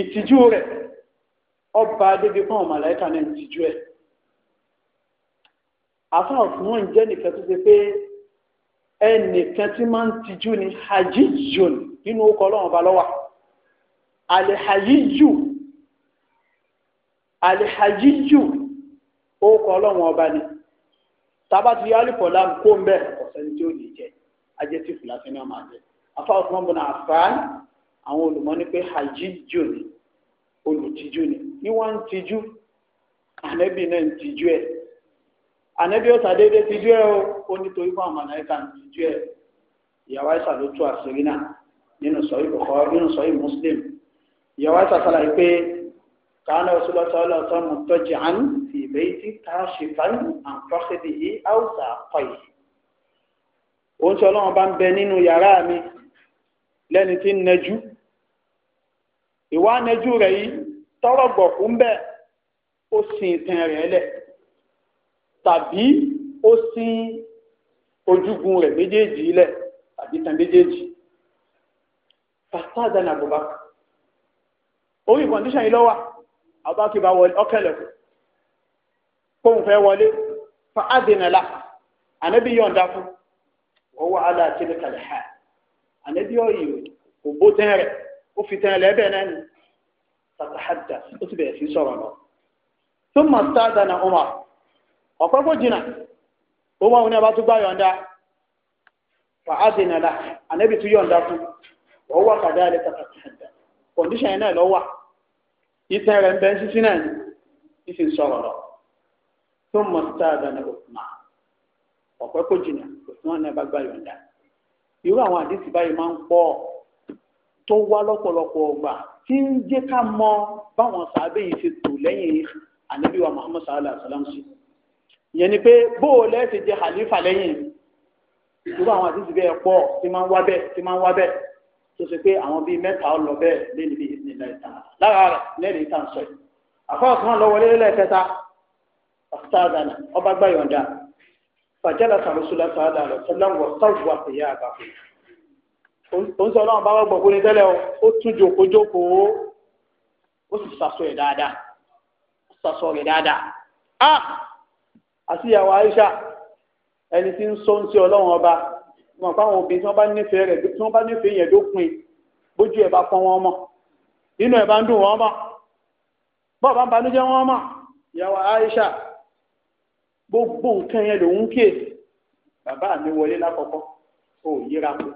ìtìjú rẹ̀ ọba débi fún ọmọ àlàyé kan náà ìtìjú ẹ̀ afa Osman jẹ́ nìkan tó ṣe pé ẹnìkan tí máa ń tijú ni hajijun nínú orúkọ ọlọ́run ọba lọ́wà alihajiju alihajiju orúkọ ọlọ́run ọba ni tába ti yá alùpùpù láàmú kó ń bẹ ọ̀sẹ̀ni tí ó lè jẹ ajé tí fìlàsì náà máa jẹ afáwọn fún ọmọbìnrin àfáàn àwọn olùmọ̀ ní pé hajiju ni olùtijú ni ni wọ́n ń tijú ànẹ́bí náà ń tijú ẹ̀ ànẹ́bí ọ̀sà déédéé ti jú ẹ o ó nítorí fún àwọn àlàyé kan ti jú ẹ ìyàwó àìsà ló tú àṣírí náà nínú sọ́yìn kọ̀kọ́ nínú sọ́yìn muslim ìyàwó àìsà sàlàyé pé kàánà ọ̀ṣunlọ sọ́ọ́lọ́ sọ́mu tọ́jú àánú fi ìbẹ́yìí tí káṣífàn àǹfọ́sídìí yìí àwùsà pọ̀yì oúnjẹ ọlọ́run bá ń bẹ nínú yàrá mi lẹ́ni tí ń nẹjú ìwà nẹjú rẹ̀ yìí tọ́rọ̀ gbọ̀kú ń bẹ ó sin ìtàn rẹ̀ lẹ̀ tàbí ó sí ojúgun rẹ̀ méjèèjì ilẹ̀ tàbí tan méjèèjì fàtàdà ní Abubakar orí kọ̀ǹdíṣàn yìí lọ́wọ́ Abubakar bá wọlé ọkẹlẹ̀kùn kóun fẹ́ wọlé fa adìnnàlá ànábì yọ̀ǹda fún wọ́n wà á àti ha ànábì ọ̀yìn kò bó tẹ́rẹ̀ ó fi lẹ́bẹ̀ náà ni ó bẹ̀rẹ̀ sí sọ̀rọ̀ lọ. ọ̀pẹ́ kò jìnnà ó wọ́n òun ní abá tó gbá yọ̀ǹda wà á dè nàlá ànábì tó yọ̀ǹda fún wọ́n wà kàdá alẹ́ náà lọ wà ìtàn rẹ̀ ń bẹ́ sísí náà ní ìsì sọ̀rọ̀ lọ tó mọ̀ òkùnmá òkùnmá bá gbá irú àwọn báyìí máa ń pọ̀ tó wá lọ́pọ̀lọpọ̀ ọgbà tí ń jẹ́ ká mọ Muhammad sallallahu alaihi wa sallam ìyẹn ni pé bóò lẹ́sìn jẹ́ khalifa lẹ́yìn irú àwọn àti ìsìnkú ẹ̀ pọ̀ tí máa ń wá bẹ́ẹ̀ tí máa ń wá bẹ́ẹ̀ tó ṣe pé àwọn bíi mẹ́ta ọlọ bẹ́ẹ̀ lẹ́nu bíi ìdílé láìta lára rẹ̀ lẹ́nu ìta ń sọ yìí àfọwọ́sí wọn lọ wọlé lẹ́ẹ̀kẹta ọ̀sítàdànà ọba gbàyọ̀ǹda fàjẹ́lá sàrùsùlá sàádà àti ìyàwó Aisha ẹni tí ń sọ ń ṣe ọlọ́run ọba wọn pa àwọn obìnrin tí wọ́n bá nífẹ̀ẹ́ rẹ̀ tí wọ́n bá nífẹ̀ẹ́ yẹn dópin bójú ẹ̀ bá fọ́n wọn mọ̀ nínú ẹ̀ bá ń dùn wọn mọ̀ bọ́ọ̀ bá ń banújẹ́ wọn mọ̀ ìyàwó Aisha gbogbo nǹkan yẹn lòún kíyèsí bàbá mi wọlé lákọ̀ọ́kọ́ ó yíra kú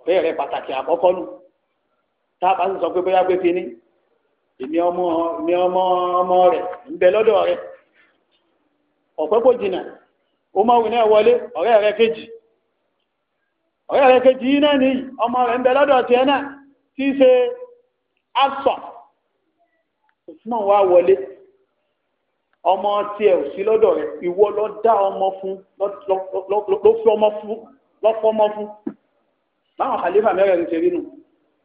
ọ̀rẹ́ rẹ pàtàkì àkọ́kọ́ nù tá a bá ń sọ pé bóyá pé kíní èmi ọmọ ọmọ ọmọ rẹ ń bẹ lọ́dọ̀ rẹ ọ̀pẹ́ kò jìnà ó máa wù ní ẹ̀wọlé ọ̀rẹ́ rẹ kejì ọ̀rẹ́ rẹ kejì yìí náà nìyí ọmọ rẹ̀ ń bẹ lọ́dọ̀ tiẹ̀ náà tí í ṣe asọ̀ Usman wá wọlé ọmọ tiẹ̀ ò sí lọ́dọ̀ rẹ̀ ìwọ lọ dá ọmọ fún ló fi ọmọ fún lọ́pọ̀ ọmọ fún báwọn àlefa mẹ́rẹ̀ẹ̀rin ṣe rí nù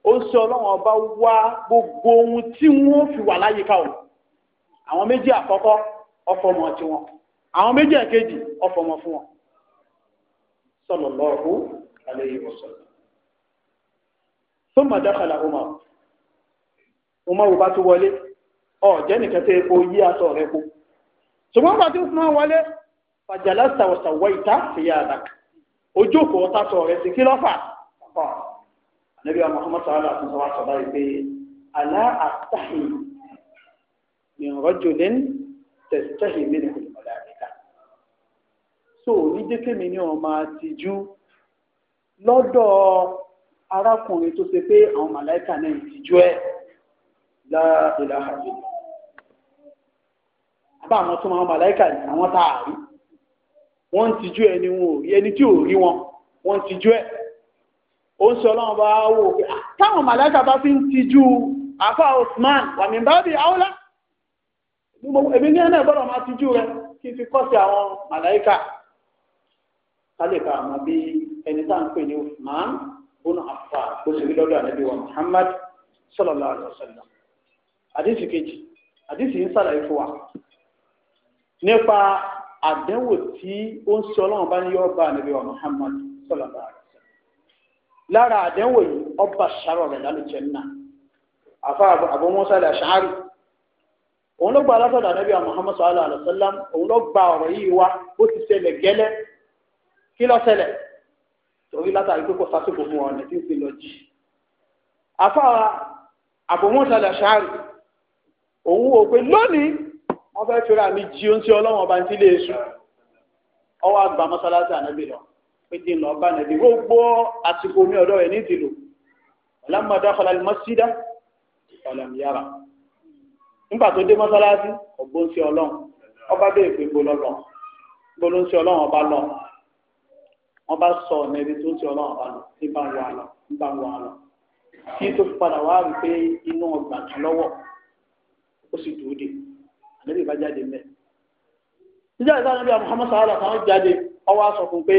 ó ń sọ ọlọ́wọ́n ọba wá gbogbo ohun tí wọ́n fi wà láyìíká o àwọn méjì àkọ́kọ́ ọkọ̀ ọmọ tiwọn àwọn méjì ẹ̀kejì ọfọmọ fún wọn sallallahu alayhi wa sallam thumma dakhala Umar Umar bá tó wọlé ọ̀jẹ́ nìkan tẹ́ epo yí aṣọ rẹ̀ kó ṣùgbọ́n bá tó fún wọlé fajalasta wa sawaita thiyabak ojókòó ọ̀tá sọ rẹ̀ sí kí lọ́fà so oníjẹ́kẹ̀mí ni ọ̀ma tìjú lọ́dọ̀ arákùnrin tó ṣe pé àwọn màláìka náà ń tìjú ẹ̀ láàbìlà àbí àbá àwọn tó máa màláìka yìí àwọn tá a rí wọ́n tìjú ẹ̀ ni wọn ò rí ẹni tí ò rí wọn wọ́n ń tìjú ẹ̀ ó ń sọ ọlọ́run bá wò ó pé ah, táwọn màláìka bá fi ń tìjú àfa Usman wàmíbábí àwòlá èmi ní ẹ̀ náà gbọ́dọ̀ máa tìjú rẹ kí n fi kọ́ sí àwọn màláìka. kálíkà àmọ́ bí ẹni tá à ń pè ní Usman bùnú afa bó ṣe rí lọ́dọ̀ ànábì wa Muhammad sallallahu alaihi wasallam àdìsí kejì àdìsí ń sàlàyé fún wa nípa àdánwò tí ó ń sọ ọlọ́run bá yọ ọba wa Muhammad sallallahu wa lára yìí ọba sàrọ̀ rẹ̀ lálùjẹ́ Musa òun ló gba alásọ̀dọ̀ wa Muhammad sallallahu òun ló gba ọ̀rọ̀ yìí bó ti kí ló ṣẹlẹ̀ torí látàrí pé kò sásìkò fún ọ̀nà tí ń fi lọ jì afáwa àbòmọ́sálẹ̀ ṣáàrì òun wò pé lónìí wọ́n fẹ́ fi ra mi jí oúnjẹ ọlọ́wọ́n ọba ti lè sùn ọwọ́ àgbà mọ́sálásí ànábì lọ pé kí n lọ bá nàbí gbogbo àsìkò mi ọ̀dọ́ rẹ̀ ní ìdìlò ọ̀làmọ̀dá kọlàlì mọ́sídá ọ̀làmìyàrá nígbà tó dé mọ́sálásí ọ̀gbọ́n sí ọlọ́run ọba bẹ́ẹ̀ pé gbólọ́lọ́ gbólọ́n sí ọlọ́run ọba lọ́run wọ́n bá sọ ọ̀nà ibi tó ti ọlọ́run bá lọ ní bá ń wà lọ ní wà lọ kí tó fi padà wá rí pé inú ọgbà kan lọ́wọ́ ó sì dúró bá jáde mẹ́. jíjá ìta ànábì Muhammad sàrà kan jáde ọwọ́ fún pé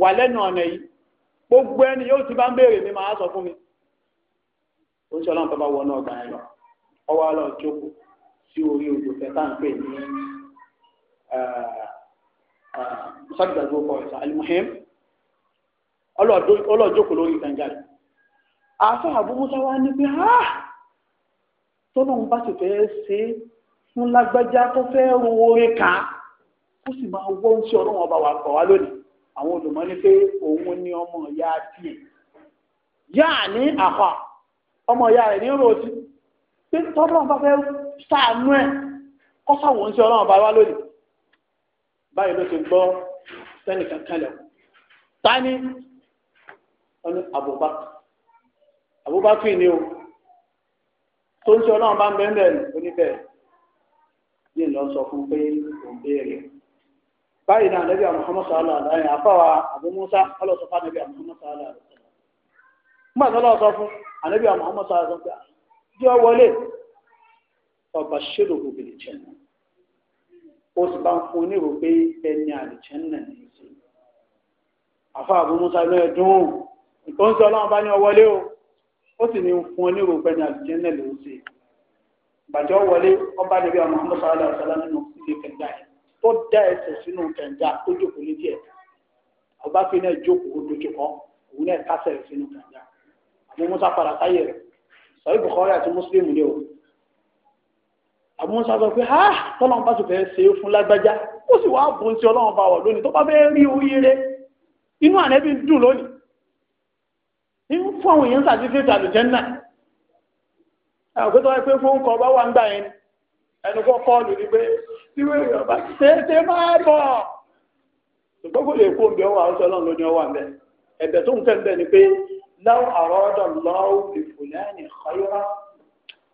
wà lẹ́nu ọ̀nà yìí gbogbo ẹni yóò ti bá ń béèrè mi máa sọ fún mi. ó ń sọ bàbá wọnú ọgbà yẹn lọ ọwọ́ á ń pè ní eh, sọ́dọ̀dọ̀ kọ̀ ẹ̀sà alimuhim ọlọ́ọ̀jókòó lórí gbàngà rẹ̀ àfọ àbúmúsá wa ní pé ha tọ́lọ́hún bá ti fẹ́ ṣe fún lágbájá tó fẹ́ ro orin kan ó sì máa wọ́n sí ọlọ́run ọba wa kọ̀ wá lónìí àwọn olùmọ̀ pé òun ni ọmọ ìyá tiẹ̀ yáà ní àpá ọmọ ìyá rẹ̀ ní ròtí pé tọ́lọ́hún bá fẹ́ ṣàánú ẹ̀ kọ́sàwọ̀n sí ọlọ́run ọba wa lónìí. báyìí ló ti gbọ́ sẹ́nìkan kalẹ̀ tani ni Abubakar Abubakar ni o tó ń sọ náà bá ń bẹ́ẹ̀ bẹ́ẹ̀ oníbẹ̀ yìí lọ sọ fún pé òun béèrè báyìí náà nàbí Muhammad sallallahu alaihi wasallam àfọwà Abu ọlọ́sọ̀fà nàbí Muhammad sallallahu alaihi wasallam mọ̀ sọ́lọ́ sọ fún ànábì Muhammad sallallahu alaihi wasallam jẹ́ wọlé ọba ó sì bá ń fún ní ìrò pé ẹni àlùjànnà ní í sí àfa àbúmúsá ló ẹdún nǹkan ń sọ ọlọ́run bá ní ọwọlé o ó sì ní fún ọ ní ìrò pé ẹni àlùjànnà ló ń ṣe bàjẹ́ ọwọlé ọba níbi ọmọ àmúṣá aláṣálá nínú ilé kẹjà yẹn tó dá ẹsẹ̀ sínú kẹjà tó jókòó létí ẹ̀ ọba fi náà jókòó dojúkọ òun náà kásẹ̀ sínú kẹjà àbúmúsá padà sáyè rẹ̀ sọ ibùkọ́ àti mùsùlùmí ni o àbúrò sábà pé ha tọ́lọ́run bá ti fẹ́ ṣe é fún lágbájá ó sì wá bùn sí ọlọ́run bá wọ̀ lónìí tó bá fẹ́ rí oríire inú ànẹ́bí ń dùn lónìí ń fún àwọn èèyàn sàtífíkẹ́tì àlùjẹ́nà àgbẹ̀tọ́ pé fún kọ bá wà ń gbà yẹn ẹnu kọ́ kọ́ọ̀lù ni pé tíwé ìyọ̀bá tètè máa bọ̀ ṣùgbọ́n kò lè kó ń ọwọ́ àwọn ọlọ́run ló ọwọ́ àmẹ́ ẹ̀bẹ̀ tó ń kẹ́ ń bẹ ni pé láwọn àrọ́dọ̀ lọ́wọ́ ìfòlẹ́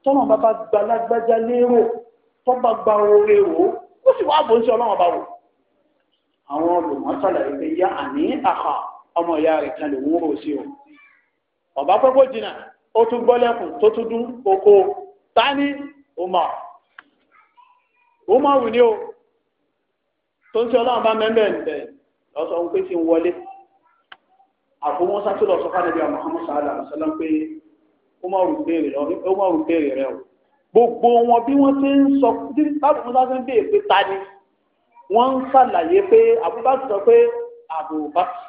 tọ́nà bá bá gba lágbájá lérò tó bá gba oore wò ó sì wá bòńsí ọlọ́run bá wò. àwọn olùmọ̀ sàlàyé pé yá àní àkà ọmọ ìyá rẹ̀ kan lè wúrò sí o. ọ̀bá pẹ́pọ́ jìnnà ó tún gbọ́lẹ́kùn tó tún dún oko tání Umar Umar wù ní o tó ń sọ ọlọ́run bá mẹ́mẹ́ ẹ̀ lọ́sọ̀ọ́ pé ti ń wọlé àfọwọ́sá tó lọ sọ fún àdébíyà Muhammad ó má rò béèrè rẹ ó má rò béèrè rẹ o gbogbo wọn bí wọ́n ti ń sọ bí báwo musa ti ń béèrè pé ta ni wọ́n ń ṣàlàyé pé Abubakar sọ pé Abubakar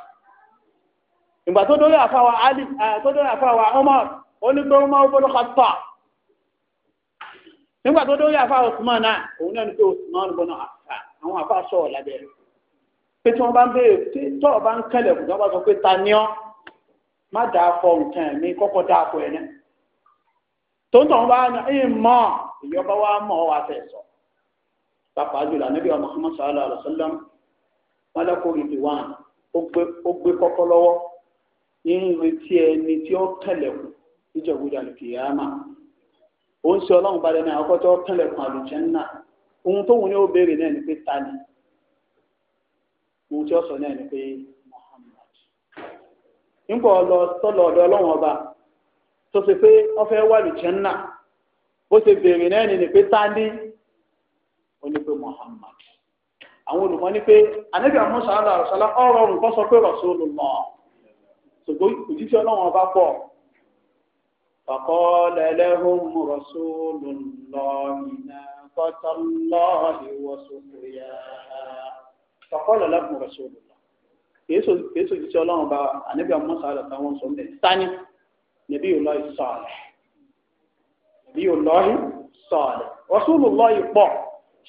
ìgbà tó dórí àfàwà Ali eh, tó dórí àfàwà Umar ó ní pé Umar gbọ́dọ̀ ká tọ nígbà tó dórí àfàwà Usman náà òun náà ní pé Usman gbọ́dọ̀ àfà àwọn àfà sọ ọ lábẹ́ rẹ̀ pé tí wọ́n bá ń béèrè tí tọ́ọ̀ bá ń kẹlẹ̀ tí wọ́n bá sọ pé ta ni ọ́. ma da afọ nke ẹ̀mí kọkọ dáa fọ ẹ̀ náà tó ń tọ̀ wá ní ìmọ̀ wa mọ̀ wá fẹ́ sọ pàpà jùlọ ànábì wa Muhammad sallallahu alayhi wa sallam malako ridwan ó gbé kọ́kọ́ tí ó kẹlẹ̀kùn níjọ̀gbọ́dọ̀ àlùkìyàmà ó ń ṣe ọlọ́run balẹ̀ ọkọ ohun ni ta ni ohun sọ ni nígbà ọlọ sọlọ ọ̀dọ̀ Ọlọ́run ọba tó ṣe pé wọn fẹ́ẹ́ wà lùjẹńnà bó ṣe béèrè náà ni ni pé ta ni pé Muhammad àwọn olùmọ̀ ní pé anabi àmọ sàlá àrùsàlá ọ̀rọ̀ ọrùn kọ sọ pé Rasulullah ṣùgbọ́n òjíṣẹ́ Ọlọ́run ọba pọ̀ فقال لهم رسول الله ناقة الله وسقياها فقال لهم kèésò ti sọ ọlọ́run bá ànábì àmọ́sà àtàwọn sọ mẹ́ sani nàbí olóyè sọ̀rọ̀ nàbí olóyè sọ̀rọ̀ rọ́súlù lọ́yè pọ̀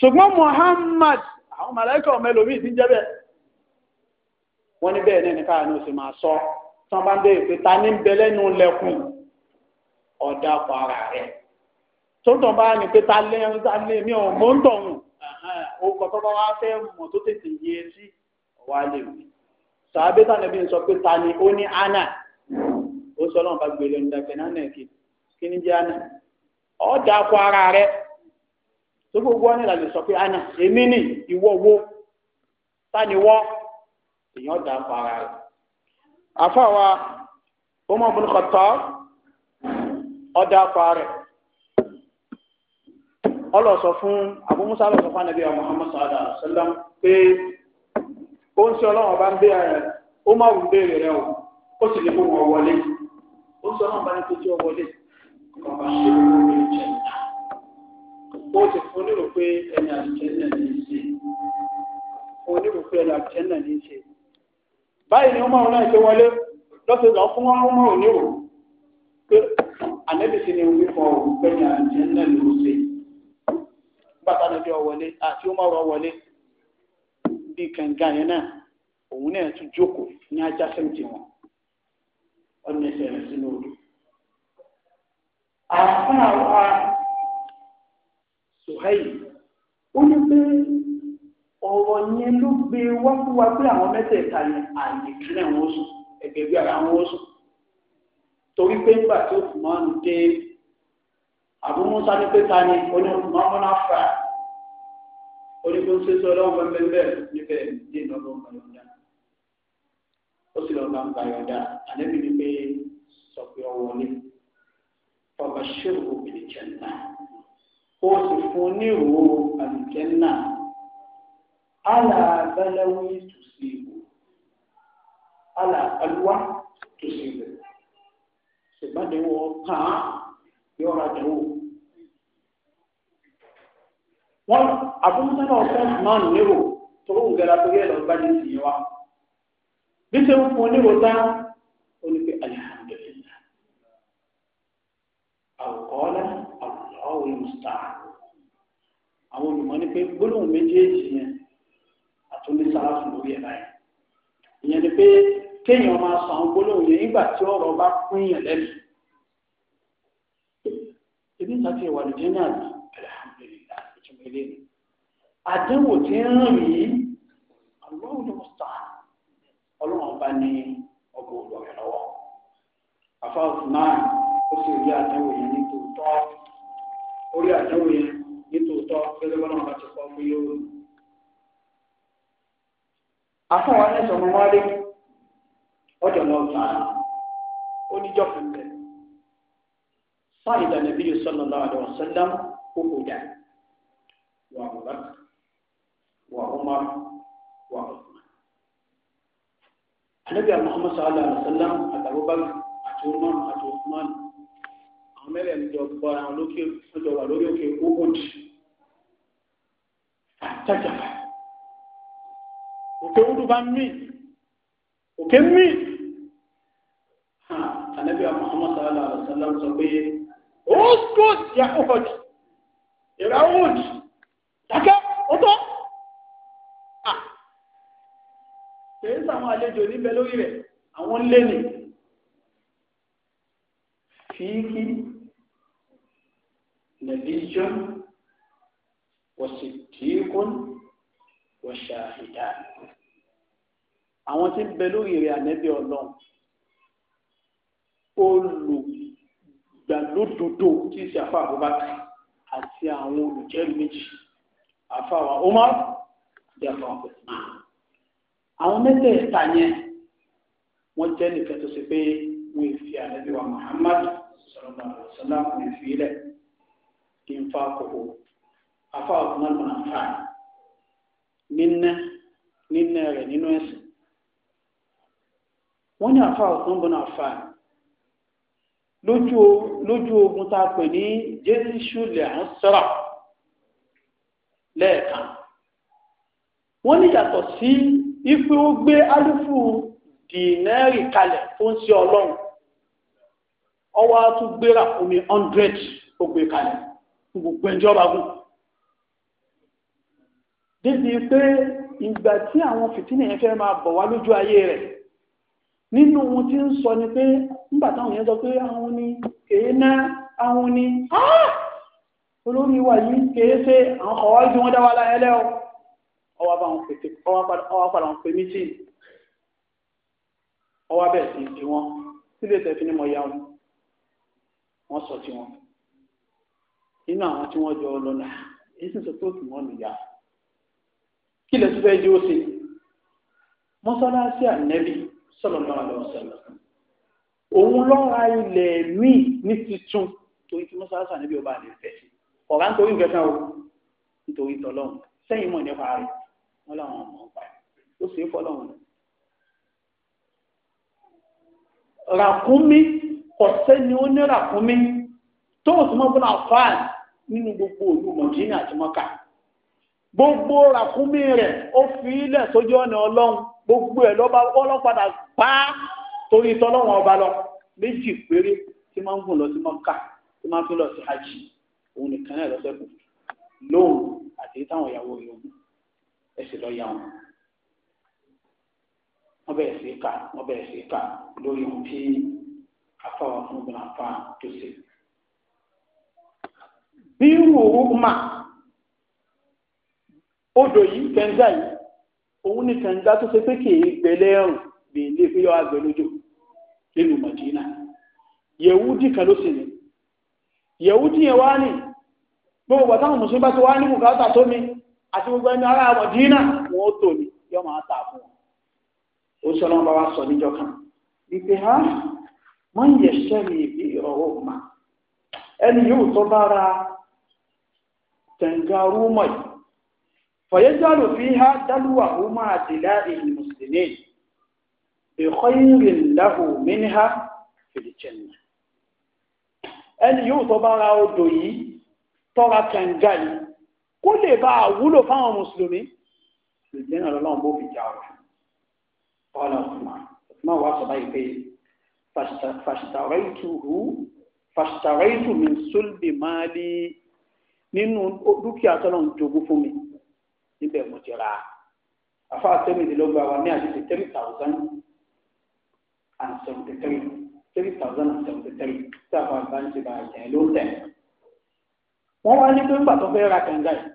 ṣùgbọ́n Muhammad àwọn màláìkà ọmọ ẹlòmíì ti ń jẹ́ bẹ́ẹ̀ wọ́n ní bẹ́ẹ̀ ní káyọ̀ náà sì máa sọ tí wọ́n bá ń béèrè pé ta ní bẹ lẹ́nu lẹ́kùn ọ̀dà kọ rẹ̀ tó bá ní pé ta lé mi ò mọ́ ń tọ̀hún tó bá wá fẹ́ mọ̀ tó tètè yé e sí ọ̀wá lè wí sàábé tànàbí sọ pé ta ó ní ana ó sọ lọ́nà bá gbé lọ ní dàgbẹ́ náà nàìjíríà kí ni jẹ́ ana ọ̀ dàkọ ara rẹ tó gbogbo wọn ní ìlànà sọ pé ana èmi ni ìwọ wo ta ni wọ́ èèyàn dàkọ ara rẹ. àfàwà Umar bin Khattab ọ̀ ara rẹ ọlọ́sọ fún Abu Musa lọ́sọ fún anabi Muhammad sallallahu alaihi wasallam pé ó ń sọ ọlọ́run ọba ń bẹ ààrẹ ó má wù béèrè rẹ o ó sì lè fún wọn wọlé ó sọ ọlọ́run ọba ní tuntun wọlé ọba ṣe ló ń jẹ ó ti fún nílò pé ẹni àjẹ́ náà ní í ṣe fún nílò pé ẹni àjẹ́ náà ní í ṣe báyìí ni ọmọ ọ̀nà ìṣe wọlé lọ́sẹ̀ lọ fún wọn ọmọ òní o pé ànẹ́bìsí ni wípọ̀ òun pé ẹni àjẹ́ náà ló ṣe bàtà níbi ọ̀wọ́lé àti ọmọ ọ̀rọ̀ wọlé bí kànga yẹn náà òun náà tún jókòó ní ajá sẹ́ǹtì wọn ọdún ẹsẹ̀ rẹ̀ sínú odò. àáfàá wa sùháì ó ní pé ọ̀rọ̀ yẹn ló gbé wá fún wa pé àwọn mẹ́tẹ̀ẹ̀ta yẹn àyè kan náà wọ́n sùn ẹgbẹ̀gbẹ̀ ara wọn sùn torí pé ńgbà tí òfin máa ń dé àbúmọ́sá ní pé ta ni oní òfin máa ń mọ́ná fà á onígbó ń sẹ́sọ ọlọ́run pẹ́pẹ́pẹ́ níbẹ̀ ní ìnáwó ọ̀gbàyọ̀dá ó sì lọ́ọ́ máa gbàyọ̀dá ànẹ́bí ni pé sọ pé ọwọ́ ni ọba ṣòro òbílẹ̀ jẹ̀nà ó sì fún onírò àlùjẹ́nà aláàbẹ̀lẹ́wé tòsí ìbò aláàbẹ̀lúwà tòsí ìbò ṣùgbọ́n àdéhùn ọ̀kan yọ̀ọ̀rọ̀ àdéhùn wọn àbúrúsá náà fẹ́ǹsì máa nírò tó ń gẹ̀rẹ́ àtòrí ẹ̀ lọ́gbà ní ìsìn wa bí ṣe ń fún onírò tá ó ní pé alihamudulilayi àwòkọ́lá àwòrán òun mùsùlá àwọn olùmọ̀ ní pé gbólóhùn méjèèjì yẹn àtúndísára fún lórí ẹ̀ báyìí ìyẹn ni pé kéèyàn máa sọ àwọn gbólóhùn yẹn nígbà tí ọ̀rọ̀ bá pín yàn lẹ́nu ebi ń sàkíyèwà lè jẹ́ ní ṣẹlẹ̀ ni àdánwò tí ń rìn yìí ọlọ́run ló sà ọlọ́run bá ní ọgbà olùrẹ̀ lọ́wọ́ àfa usman ó sì rí àdánwò yẹn ní tòótọ́ orí àdánwò yẹn ní tòótọ́ gẹ́gẹ́ bọ́lá bá ti kọ́ fún yóò. àfa wa wálé ọjọ́ oníjọ́ fún وأبو بكر وعمر وعثمان النبي محمد صلى الله عليه وسلم أبو بكر أتومر أتوثمان àmẹ́rẹ̀ ẹ̀jọ̀ bọ́ra wọn lókè ọjọ́ wà lórí òkè ogójì àtàjà òkè wúdú bá mí òkè mí ànábì Muhammad sallallahu alaihi wasallam sọ pé ó sọ ìyá ọkọ̀jì ìrà ọkọ̀jì dákẹ́ ó tó à kèé sàwọn àlejò níbẹ̀ lórí rẹ̀ àwọn lé nì fíìkì nàìjíríà wọ̀sìdìkún wọ̀ṣàhìdá àwọn tí ń bẹ lórí rẹ̀ ànẹ́bí ọlọ́run olùgbàlódodo tí ń ṣe àfọ àbúbákà àti àwọn olùjẹ́rìí méjì. àfàwà Umar jẹfọ Usman àwọn mẹ́tẹ̀ẹ̀ta yẹn nìkan tó ṣe pé fi wa Muhammad sọlọmọ àlùsọlá fi kí n fa koko àfàwà náà nínú nínú rẹ nínú ẹsìn ní àfàwà náà lẹ́ẹ̀kan wọ́n ní yàtọ̀ sí ife ó gbé dì dìnẹ́rì kalẹ̀ tó ń ṣe ọlọ́run ọwọ́ á tún gbéra omi 100 ó gbé kalẹ̀ fún gbogbo ẹjọ́ bá gùn débi pé ìgbà tí àwọn fìtínà yẹn fẹ́ máa bọ̀ wá lójú ayé rẹ̀ nínú ohun tí ń sọ ni pé nígbà táwọn yẹn sọ pé àwọn ni èéná àwọn ni áá. olórí wa yìí kèé ṣe àwọn ọ̀wá ju wọn dáwà láyé lẹ́wọ̀ ọwọ́ bá wọn pètè ọwọ́ padà wọn pè mítì ọwọ́ bẹ̀ sí ti wọn sílẹ̀ tẹ̀ fi ni mo yá wọn wọn sọ ti wọn inú àwọn tí wọn jọ lọ náà èyí sì sọ pé òkú wọn nìyá kí lè tún fẹ́ jí ó ṣe mọ́sálásí ànẹ́bí sọ̀rọ̀ náà lọ sọ̀rọ̀ òun lọ́ra ilẹ̀ míì ní titun torí tí mọ́sálásí ànẹ́bí ọba àlè fẹ́ sí ọ̀rá ń torí nǹkan kan o nítorí tọ́lọ́run sẹ́yìn mọ̀ nípa rẹ̀ wọ́n làwọn ọmọ ọ̀pá ó ṣe é fọ́lọ́run. ràkúnmí kọ̀sẹ́ ni ó ní ràkúnmí tó o tún mọ́ fún àfáàn nínú gbogbo òlu mọ̀jínì àti mọ́kà gbogbo ràkúnmí rẹ̀ ó fi ilẹ̀ sójú ọ̀nà ọlọ́run gbogbo ẹ̀ lọ́ba ọlọ́padà pa á torí tọ́lọ́run ọba lọ méjì péré tí máa ń gùn lọ sí mọ́kà tí máa ń fi lọ sí hajj òun nìkan náà lọ́sẹ̀ kù lóhùn àti táwọn ìyàwó rẹ̀ ogún ẹ̀ sì lọ́ọ́ yà wọn. wọ́n bẹ̀rẹ̀ sí kà wọ́n bẹ̀rẹ̀ sí kà lórí ohun tí afáwọn fún gbọ́n afá tó ṣe. bí wòwò mà odò yìí kẹ́ńdà yìí òun ní kẹ́ńdà tó ṣe pé kì í gbẹlẹ́ ẹ̀rùn bí fi yọ àgbẹ̀ lójó nínú Mádínà yẹ̀wúdì kan ló sì ní yẹ̀wúdì yẹn wá ní gbogbo ìgbà táwọn mùsùlùmí bá ti wá ní bùkátà tó mi àti gbogbo ẹni ará Mọdínà wọn ó tò ní yọ máa tà fún wọn ó sọ lọ́wọ́ bá wa sọ níjọ kan ìpè ha máa ń yẹ sẹ́mi ìbí ìrọ̀wọ́ mà ẹni yóò tó bá ra tẹ̀ǹgà rúmọ̀ yìí fọ̀yẹ́jọ́rò fi ha dálúwà rúmọ̀ àdìlá ìlú mùsùlùmí ìkọ́ ìrìnláhù mí ní ha fìlìjẹ̀nì ẹni yóò tó bá ra odò yìí tọ́ra kànga yìí kó lè bá a wúlò fáwọn mùsùlùmí ṣùgbọ́n náà lọ́wọ́ bó fi jà ọ̀rọ̀ ọ̀nà ọ̀túnmá ọ̀túnmá wa sọ báyìí pé fàṣítàrẹ́tùrú fàṣítàrẹ́tù mi sólbì máa lé nínú dúkìá tọ́lọ́ ń jogún fún mi níbẹ̀ mo ti ra afa tẹ́mìdínlógún àwa ní àdìsí three thousand and seventy three three thousand and seventy three tí a bá ń bá ń ṣe bá a jẹ́ ló ń tẹ̀ wọ́n wá ní pé ńgbà tó fẹ́ ra kànga yìí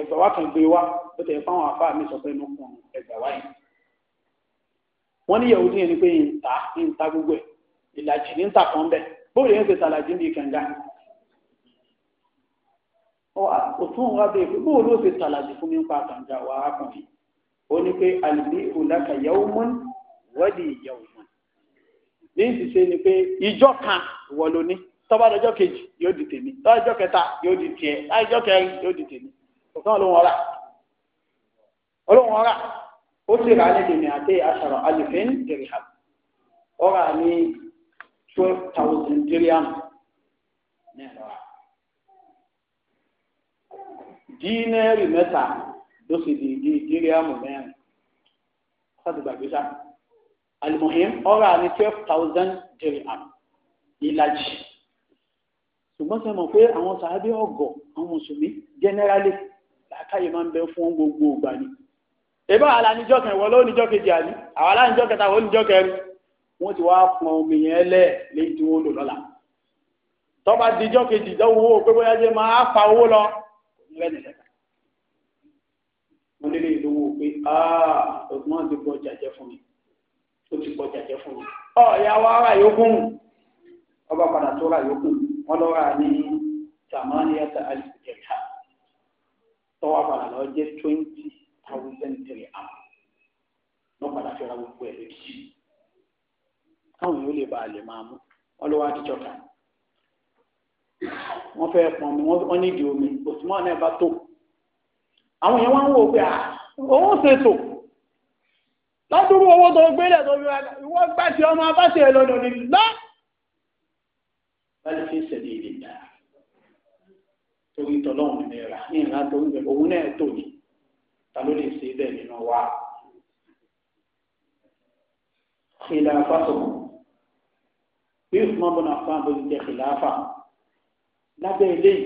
ẹgbà wa kan gbé wa ó tẹ̀ fáwọn afá mi sọ pé inú kan ẹgbà wa yìí wọ́n ní yẹ̀wò díẹ̀ ni pé ìta ìta gbogbo ẹ̀ ìlàjì ní ìta kan bẹ̀ bóyá yẹn ti tàlàjì ní kànga òtún wa bẹ̀ pé bóyá ló ti tàlàjì fún mi pa kànga wa arákùnrin ó ní pé àlùbí òlàkà yẹ̀wò mọ́ni wọ́ọ̀dì yẹ̀wò mọ́ni ní ìsìsẹ́ ni pé ìjọ kan wọ́n ló tọ́ba lọ́jọ́ kejì yóò di tèmi lọ́jọ́ kẹta yóò di tiẹ̀ lọ́jọ́ kẹrin yóò di tèmi òkan olóhùn ọ̀rà olóhùn ọ̀rà ó sì rà ní tèmi àti àṣàrò alifin dirham ọ̀rà ní twelve thousand dirham ní ẹ̀rọ dínẹ́rì mẹ́ta ló sì di ìdí dirham mẹ́rin sáà ti alimohim ọ̀rà ní twelve thousand dirham ìlàjì ṣùgbọ́n ṣe mọ̀ pé àwọn sàábé ọ̀gọ̀ àwọn mùsùlùmí generally làákàyè máa ń bẹ fún gbogbo ìgbà ni ebe àlà níjọ́ kan ìwọ lóò níjọ́ kejì àní àwọn àlà níjọ́ kẹta wọ́n níjọ́ kẹrin wọ́n ti wá pọn omi yẹn lẹ̀ lẹ́yìn tí wọ́n lò lọ́la tọ́ba díjọ́ kejì dánwò owó pé bóyá ṣe máa pa owó lọ mo nílé ìlówó pé ọgbọ́n ah, ti bọ́ jàjẹ́ fún mi ó ti bọ́ jàjẹ́ fún mi ọ̀ ìyá ara yókùn ọba padà tó ra yókùn wọ́n lọ́wọ́ à ní tamaniata alifijẹta tọ́wọ́ padà lọ jẹ́ twenty thousand three am lọ́ padà fi ra gbogbo ẹ̀ lójijì káwọn yóò lè ba àlè máa mú wọ́n lọ́wọ́ àtijọ́ kan wọ́n fẹ́ pọn mi wọ́n ní ìdí omi òsùnmọ́ náà bá tó àwọn yẹn wọ́n ń wò pé òun ah, ò ṣètò lọ́dúnrún owó tó gbélé tó fi wá ìwọ́n gbàtí ọmọ abáṣe ẹ̀ lọ́dọ̀ nìyí lọ́dún bal fi sabilillah torí tọ́lọ́run ní ra ní ìlà torí bẹ́ẹ̀ òun náà tò ní ta ló lè ṣe bẹ́ẹ̀ nínú wa. khilafa bí Usman bin Affan bó ti jẹ́ khilafa lábẹ́ eléyìí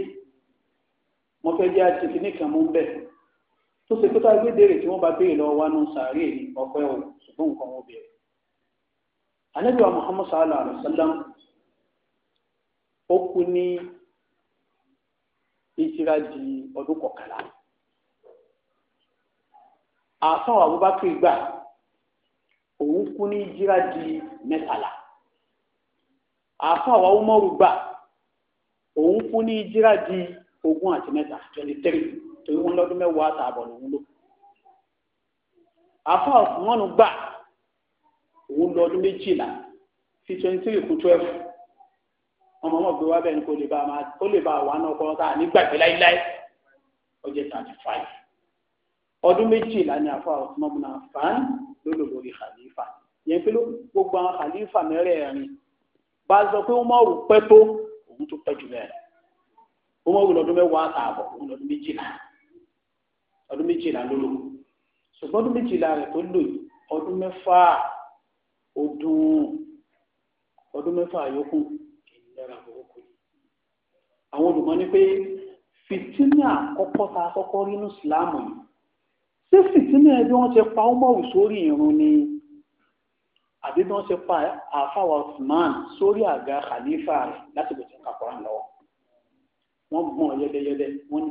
mo fẹ́ jẹ́ àtìkí nìkan mú bẹ́ẹ̀ tó ṣe pé táwọn gbèdéèrè tí wọ́n bá béèrè lọ́wọ́ wa nù sàárè ní ọpẹ́ o ṣùgbọ́n nǹkan wọn bẹ̀rẹ̀. àlejò Muhammad sallallahu alaihi wa sallam ó kú ní ìṣirà di ọdún kọkànlá àfọn Abubakar gbà òun kú ní ìṣirà di mẹ́tàlá àfọn àwọn Umaru gbà òun kú ní ìṣirà ogún àti mẹ́ta twenty three torí wọn lọ́dún mẹ́wàá àtààbọ̀ lòun lò àfọn Usmanu gbà òun lọ́dún méjìlá fi twenty three kú twelve ọmọ wọn gbé wá bẹ́ẹ̀ ni kò lè bá máa kó lè bá wà náà kọ́ tá a nígbàgbé láíláí ọjọ́ thirty five ọdún méjìlá ni àfa Usman bin Affan lólo lórí khalifa yẹn pé gbogbo àwọn khalifa mẹ́rẹ̀ẹ̀rin bá a sọ pé Umaru pẹ́ tó òun tó pẹ́ jù bẹ́ẹ̀ Umaru lọ́dún mẹ́wàá àtààbọ̀ òun lọ́dún méjìlá ọdún méjìlá lólo ṣùgbọ́n ọdún méjìlá rẹ̀ tó lò àwọn olùmọ̀ ni pé fìtínà àkọ́kọ́ tá a kọ́kọ́ rí ní ìsìláàmù yìí ṣé fìtínà ẹbí wọ́n ti pa ọmọwù sórí ìrun ni àbí bí wọ́n ti pa àfàwà Usman sórí àga khalifa rẹ̀ láti bẹ̀rẹ̀ kàkọ́rà lọ́wọ́ wọ́n gbọ́n yẹ́dẹ́yẹ́dẹ́ wọ́n ní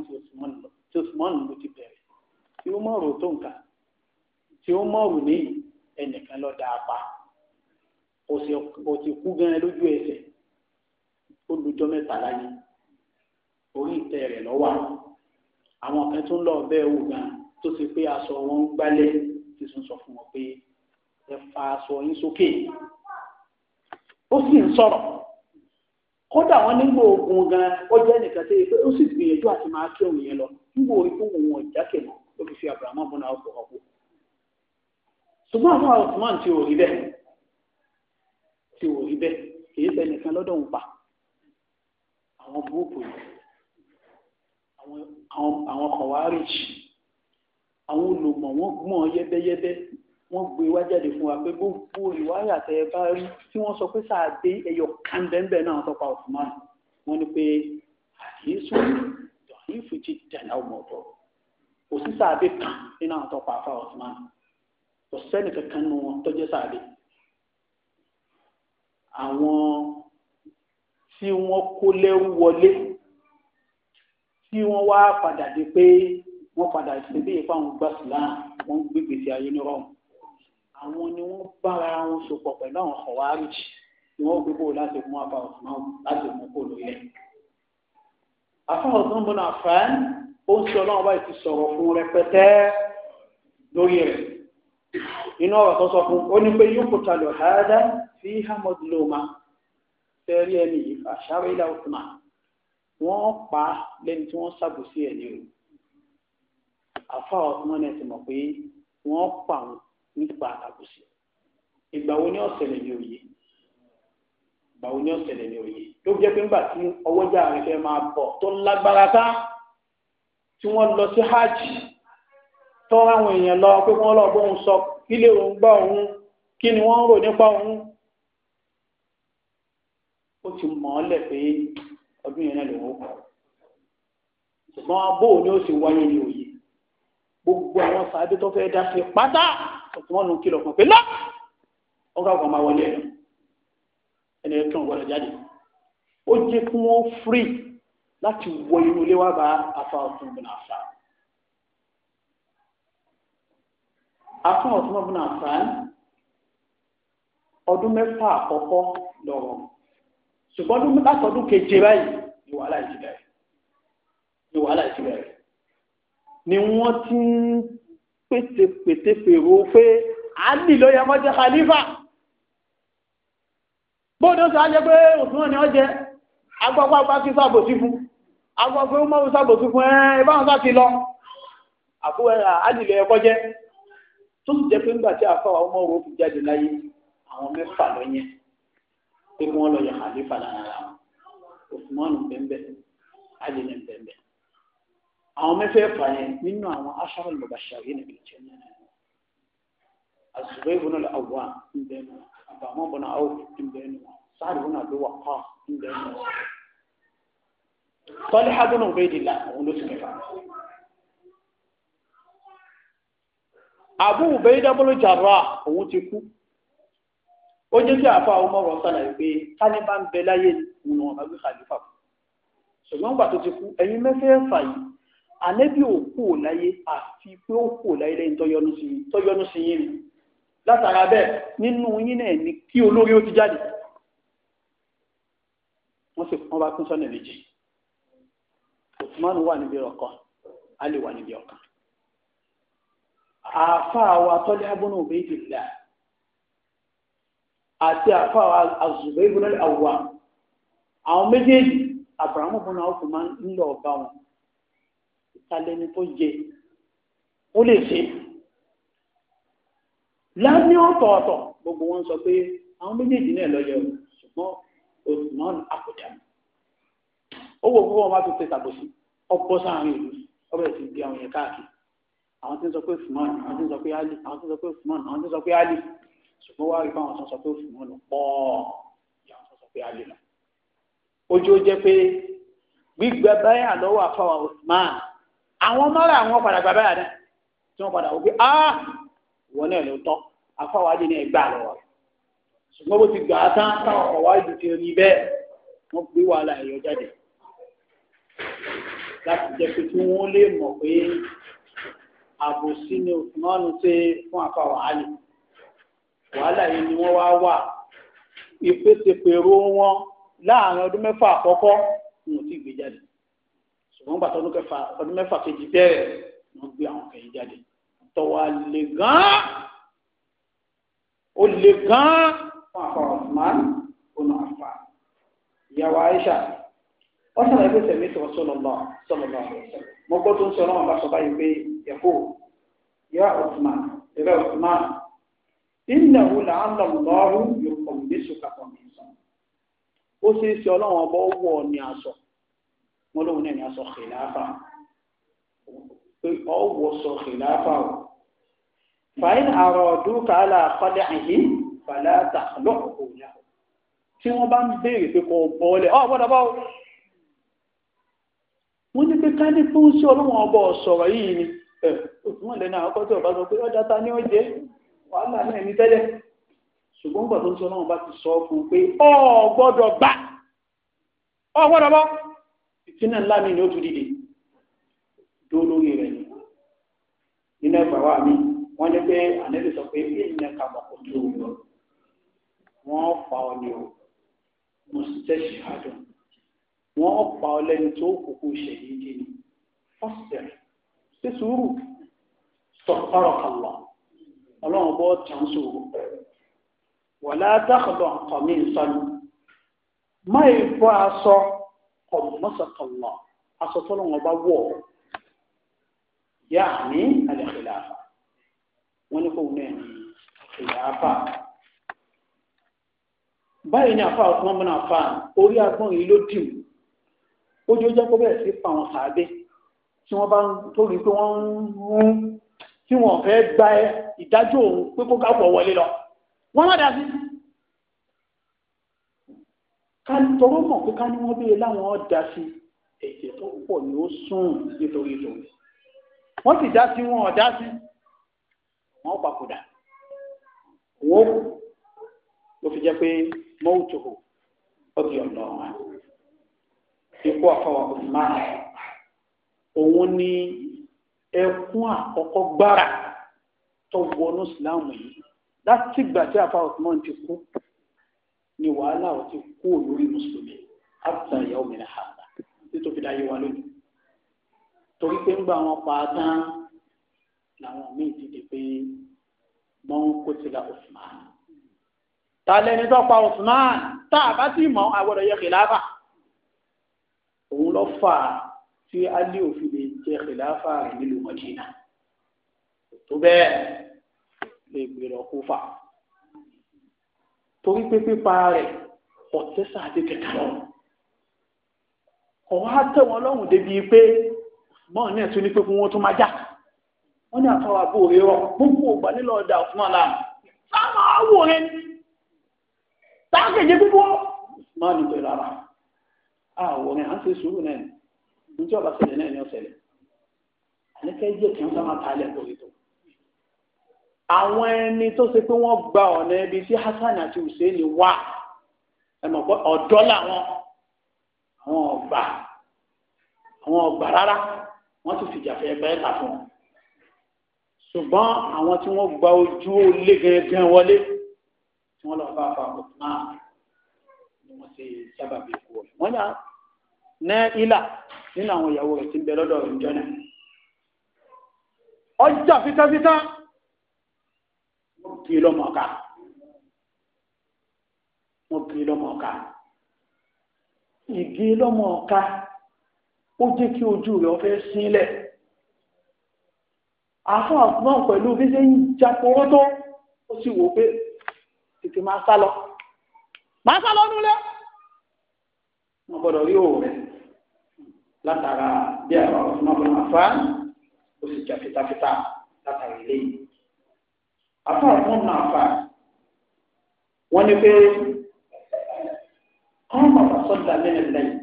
tí Usman ló ti bẹ̀rẹ̀ tí ó mọ̀rọ̀ tó nǹkan tí ó mọ̀rù ní ẹnìkan lọ́ọ́ dáa pa ó ti kú gan lójú ẹsẹ̀ olùjọ́ mẹ́ta láyé orí ìtẹ́ rẹ̀ lọ́wọ́ àwọn kan tún lọ bẹ́ẹ̀ wò gan tó ṣe pé aṣọ wọn ń gbálẹ̀ ti sùn sọ fún wọn pé ẹ fa aṣọ yín sókè ó sì ń sọ̀rọ̀ kódà wọn nígbà ogun gan ó jẹ́ nìkan tó yẹ pé ó sì gbìyànjú àti máa kí òun yẹn lọ nígbà orí fún òun ọ̀jákè mọ́ ó fi fi abrahamu bọ́nà ọkọ̀ ọkọ̀ ṣùgbọ́n àwọn Osman ti ò rí bẹ́ẹ̀ ti ò rí bẹ́ẹ̀ kì í ṣe nìkan lọ́dọ̀ ń pa àwọn búùkù yìí àwọn kọ̀wárìjì àwọn olùmọ̀ wọ́n gbọ́n yẹ́bẹ́yẹ́bẹ́ wọ́n gbé wá jáde fún wa pé gbogbo ìwáyà tẹ ẹ bá rí tí wọ́n sọ pé sáàdé ẹyọ kàńbẹ́ńbẹ́ náà tọ́pa Usman wọ́n ní pé àyíṣùn dọ̀yìnfù ti dàná ọmọọ̀bọ̀ kò sí sáàdé kan nínú àwọn tọ́pa afa Usman kò sẹ́ni kankan nínú wọn tọ́jẹ́ sáàdé. àwọn tí wọ́n kó lẹ́rú wọlé tí wọ́n wá padà dé pé wọ́n padà sí bí ipa àwọn gbà síláà wọ́n gbégbèsè ayé ní rọrùn àwọn ni wọ́n bára wọn sopọ̀ pẹ̀lú àwọn kọ̀wárìjì ni wọ́n gbé kó láti mú apá ọ̀sán láti mú kó lóye. àfọwọ́n ọ̀sán bọ́nà àfẹ́ ó ń sọ ọlọ́run báyìí ti sọ̀rọ̀ fún rẹpẹtẹ lórí rẹ̀ inú ọ̀rọ̀ tó sọ fún ó ní pé yóò kó talọ̀ hádá fi hamad loma ẹni yìí wọ́n pa lẹ́ni tí wọ́n ṣàbòsí ẹ̀ ní o àfa ọ̀tún náà ti mọ̀ pé wọ́n pa wọn nípa àbòsí ìgbà wo ni ọ̀sẹ̀lẹ̀ ní òye ìgbà wo ni ọ̀sẹ̀lẹ̀ ní òye ló jẹ́ pé nígbà tí ọwọ́jà rẹ̀ fẹ́ máa bọ̀ tó lágbára tá tí wọ́n lọ sí hajj tọ́ àwọn èèyàn lọ pé wọ́n lọ bóun sọ kílé òun gbọ́ òun kí ni wọ́n rò nípa òun ó ti mọ̀ ọ́ lẹ̀ pé ọdún yẹn náà lówó ṣùgbọ́n bóò ni ó sì wáyé ní òye gbogbo àwọn sàádé tó fẹ́ dá sí pátá ọ̀túnmọ́nù kìlọ̀ kan pé lọ́ ọgá ọkọ̀ máa wọlé ẹ̀rọ ẹni ẹ̀ tún ọ̀gbọ́dọ̀ jáde ó jẹ́ kí wọ́n fírì láti wọ inú ilé wá bá afa ọ̀tún bùnà àfà afún ọ̀tún bùnà àfà ọdún mẹ́fà àkọ́kọ́ lọ́rọ̀ ṣùgbọ́n ọdún látọdún keje báyìí ni wàhálà yìí ti bẹ̀rẹ̀ ni wàhálà yìí ti bẹ̀rẹ̀ ni wọ́n ti ń pètè pètè fèrò pé àlì ló yẹ kọjá khalifa bóòdó sọ ajẹ́ pé òṣùwọ̀n ni wọ́n jẹ agbọ́pọ̀ agbáfi sábòsí fún agbọ́pọ̀ ọmọbí sábòsí fún ẹ báwọn sá ti lọ àbúrò àlì ló yẹ kọjá tó sì jẹ́ pé ńgbà tí àfọwọ́ ọmọ òwò fi jáde láyé àwọn mẹ́fà lọ́yẹn pé kí wọ́n lọ yẹ khalifa lára wọn osùmọ́nù bẹ́ẹ̀ alẹ́ bẹ́ẹ̀ àwọn mẹ́fẹ̀ẹ́fà yẹn nínú àwọn aṣọ́rọ̀ lọ́bàṣàrí ní ìjẹ́ náà الزبير بن الأوام عندنا أبو بن عوف عندنا سعد بن أبي وقاص عندنا طلحة بن عبيد الله ونس كفا أبو عبيد بن الجراح وتكو ó jẹ́ kí àfa ọmọ rọ̀ sàlàyé pé tani bá ń bẹ láyé nù ọ̀nà gbé khalifa kù ṣùgbọ́n gbà tó ti kú ẹ̀yin mẹ́fẹ̀ẹ̀fà yìí ànẹ́bí ò kú ò láyé àfi pé ó kú ò láyé lẹ́yìn tọ́yọ́nú sí yín rí látara bẹ́ẹ̀ nínú yín náà ni kí olórí ó ti jáde wọ́n sì wọ́n bá pín sọ́nà méjì Usman wà níbi ọkàn Ali wà níbi ọkàn àáfàá wa tọ́lé abúlé òbí ìdìlá àti àfàwà àzùbẹ́ ìbúrẹ́ àwùwà àwọn méjèèjì àbùrámù bọ́nà ọkùnrin máa ń lọ ọba wọn ìtàlẹ́ni tó jẹ ó lè ṣe láàmì ọ̀tọ̀ọ̀tọ̀ gbogbo wọn sọ pé àwọn méjèèjì náà lọ yẹ o ṣùgbọ́n Osman àkọjá ó wò fún wọn bá tún ṣe tàbọ̀sí ọ̀pọ̀ sáàrin ìlú ọbẹ̀ ti di àwọn yẹn káàkiri àwọn tí ń sọ pé Osman àwọn tí ń sọ pé Ali àwọn tí ń sọ pé Osman àwọn tí ń sọ pé Ali ṣùgbọ́n wá rí báwọn tó sọ pé òfin wọn lò pọ̀ ìyàwó tó sọ pé a lè lọ. ojú ó jẹ́ pé gbígbà báyà lọ́wọ́ àfọwà Usman àwọn mọ́ra àwọn padà gbà báyà náà tí wọ́n padà wò pé ah wọn náà ló tọ́ àfọwà dì ní ẹgbà lọ́wọ́ rẹ̀ ṣùgbọ́n bó ti gbà á tán táwọn ọkọ̀ wáyé ti rí bẹ́ẹ̀ wọ́n gbé wàhálà ẹ̀yọ jáde láti jẹ́ pé kí wọ́n lè mọ̀ pé àbòsí ni Usman ṣe fún àfọwà Ali wàhálà yìí ni wọ́n wá wà ìpèsèpèrò wọn láàrin ọdún mẹ́fà àkọ́kọ́ wọn ò tí ì gbé jáde ṣùgbọ́n gbàtọ́ ọdún kẹfà ọdún mẹ́fà kejì bẹ́ẹ̀ wọ́n gbé àwọn kẹyìn jáde tọ́wọ́ lè gan-an ó lè gan-an fún àfọwọ́ ọ̀sùnmáà ọ̀nà àfà ìyàwó Aisha wọ́n sọ̀rọ̀ ẹgbẹ́ sẹ̀mí sọ̀rọ̀ sọ̀lọ̀lọ̀ sọ̀lọ̀lọ̀ mọ́gbọ́n tó ń sọ ọlọ́run bá sọ báyìí pé yẹ̀kó yẹ́ ọ̀sùnmáà ìnà wo là ń lọ lọ́rùn yòókù lẹ́sùn kàkọ́ mi sàn ó ṣeé ṣe ọlọ́run ọba ó wọ̀ ní aṣọ wọn lóun náà ní aṣọ kìláfà pé ọwọ́ sọ kìláfà o fàyín àrò ọdún kàálà àkọlẹ̀ àyè fàlà tàkàlọ́ òkúnyà tí wọ́n bá ń béèrè pé kò bọ́ọ̀lẹ̀ ọ gbọ́dọ̀ bá o wọ́n ní pé ni ẹ̀ òtún lẹ́nu àwọn akọ́tọ̀ ọba sọ pé ọjà ta ni ó jẹ́ wàhálà náà ní tẹ́lẹ̀ ṣùgbọ́n nígbà tó ń sọ náà bá ti sọ fún un pé ọ gbọ́dọ̀ gbà ọ gbọ́dọ̀ bọ́ ìtúnà ńlá mi ni ó tún dìde dó lórí rẹ̀ ni nínú ẹgbàá wa mi wọ́n ní pé ànẹ́bí sọ pé bí ènìyàn kà mọ̀ kó tó o lọ wọ́n fa ọ ní o mo sì tẹ́ ṣe àdùn wọ́n pa ọ lẹ́ni tó kókó ṣẹ̀yìn dé ni fọ́sẹ̀ ṣe sùúrù sọ̀rọ̀ kàlọ́ ọlọ́run bọ́ tàn sòrò wọ̀lá dákọ̀dọ̀ nǹkan mi sọnù má yìí bọ́ aṣọ ọ̀mọ́sọ̀kọ̀lọ̀ aṣọ tó lọ́wọ́ bá wọ̀ yá ní àlẹ́kẹ̀láfà wọ́n ní kò wọ́n ẹ̀ ní àlẹ́kẹ̀láfà báyìí ni àfa ọ̀tún ọmọ náà fa orí agbọ́n yìí ló dì mú ojú ọjọ́ kó bẹ̀rẹ̀ sí pa àwọn sàábé tí wọ́n bá tó rí pé wọ́n ń rún tí wọn fẹ́ gba ìdájọ́ òun pé kó ká pọ̀ wọlé lọ wọn má dá sí. ká tọrọ mọ̀ pé ká ní wọ́n bẹ́ẹ̀ láwọn ọ̀dà sí ẹ̀jẹ̀ tó pọ̀ ni ó sùn nítorí tòun wọ́n sì dá sí wọn ọ̀dá sí wọ́n papòdà wọ́n kù ló fi jẹ́ pé mọ́wùtò ọ̀dì ọ̀nà wa ikú àfọwọ́ òun máa òun ní ẹkún àkọ́kọ́ gbára tó wọnú ìsìláàmù yìí láti ìgbà tí àfa Usman ti kú ni wàhálà ò ti kú lórí mùsùlùmí àbùtà ìyàwó mi náà hàbà títún fi dáyé wa lónìí torí pé ń gba àwọn pa tán làwọn míì dìde pé mọ́n kó ti la ta lẹni tó pa Usman tá a bá ti mọ àwọn ọ̀dọ̀ yẹ kìláfà òun lọ fà á tí Ali ò fi lè jẹ kìláfà rẹ̀ nílùú Mọdínà tó bẹ́ẹ̀ lè gbèrò Kúfà torí pé pípa rẹ̀ ọtẹsà àti kẹkẹ lọ ọwọ àtẹ wọn lọ́rùn débi pé mọọ náà tún ní pé wọn tún máa já wọn ní àtàwọn àbúrò rẹ̀ rọ gbogbo ògbà nílò ọdà fún ọlá sáwọn àwòrán táwọn kẹjẹ gbogbo máa nìbẹ rárá àwòrán à ń ṣe sùúrù náà ní tí ọba ṣẹlẹ̀ náà ni ó ṣẹlẹ̀ àníkẹ́ díẹ̀ kí wọ́n sá máa talẹ̀ lórí tó. àwọn ẹni tó ṣe pé wọ́n gba ọ̀nà ibi tí Hasan àti Hussein wà ẹ mọ̀ pé ọ̀dọ́ làwọn àwọn ọ̀gbà àwọn ọ̀gbà rárá wọ́n ti fìjà fẹ́ bẹ́ẹ̀ ta fún wọn. ṣùgbọ́n àwọn tí wọ́n gba ojú ó gẹ́gẹ́ wọlé tí wọ́n lọ bá a fa ọ̀tún náà ni wọ́n ṣe sábàbí ikú wọn. wọ́n ilà nínú àwọn ìyàwó rẹ̀ ti ń bẹ lọ́dọ̀ rẹ̀ jọ́nà ọjà fitafita mo kì í lọ́mọ ọ̀ka mo kì í lọ́mọ ọ̀ka ìgé lọ́mọ ọ̀ka ó jẹ́ kí ojú rẹ̀ ọ̀fẹ́ sílẹ̀ àfọ́ àfúnmọ́ pẹ̀lú bí ṣe ń japoró tó ó sì wò pé tètè máa sá máa sá lọ núlẹ̀ gbọ́dọ̀ rí òun rẹ̀ látara bí àwọn ọ̀sán ọ̀sán àfa ó sì jà fitafita látara ilé yìí. afa ọ̀sán náà fa wọ́n ní pé kọ́ńtà sọ́dà lẹ́nu lẹ́yìn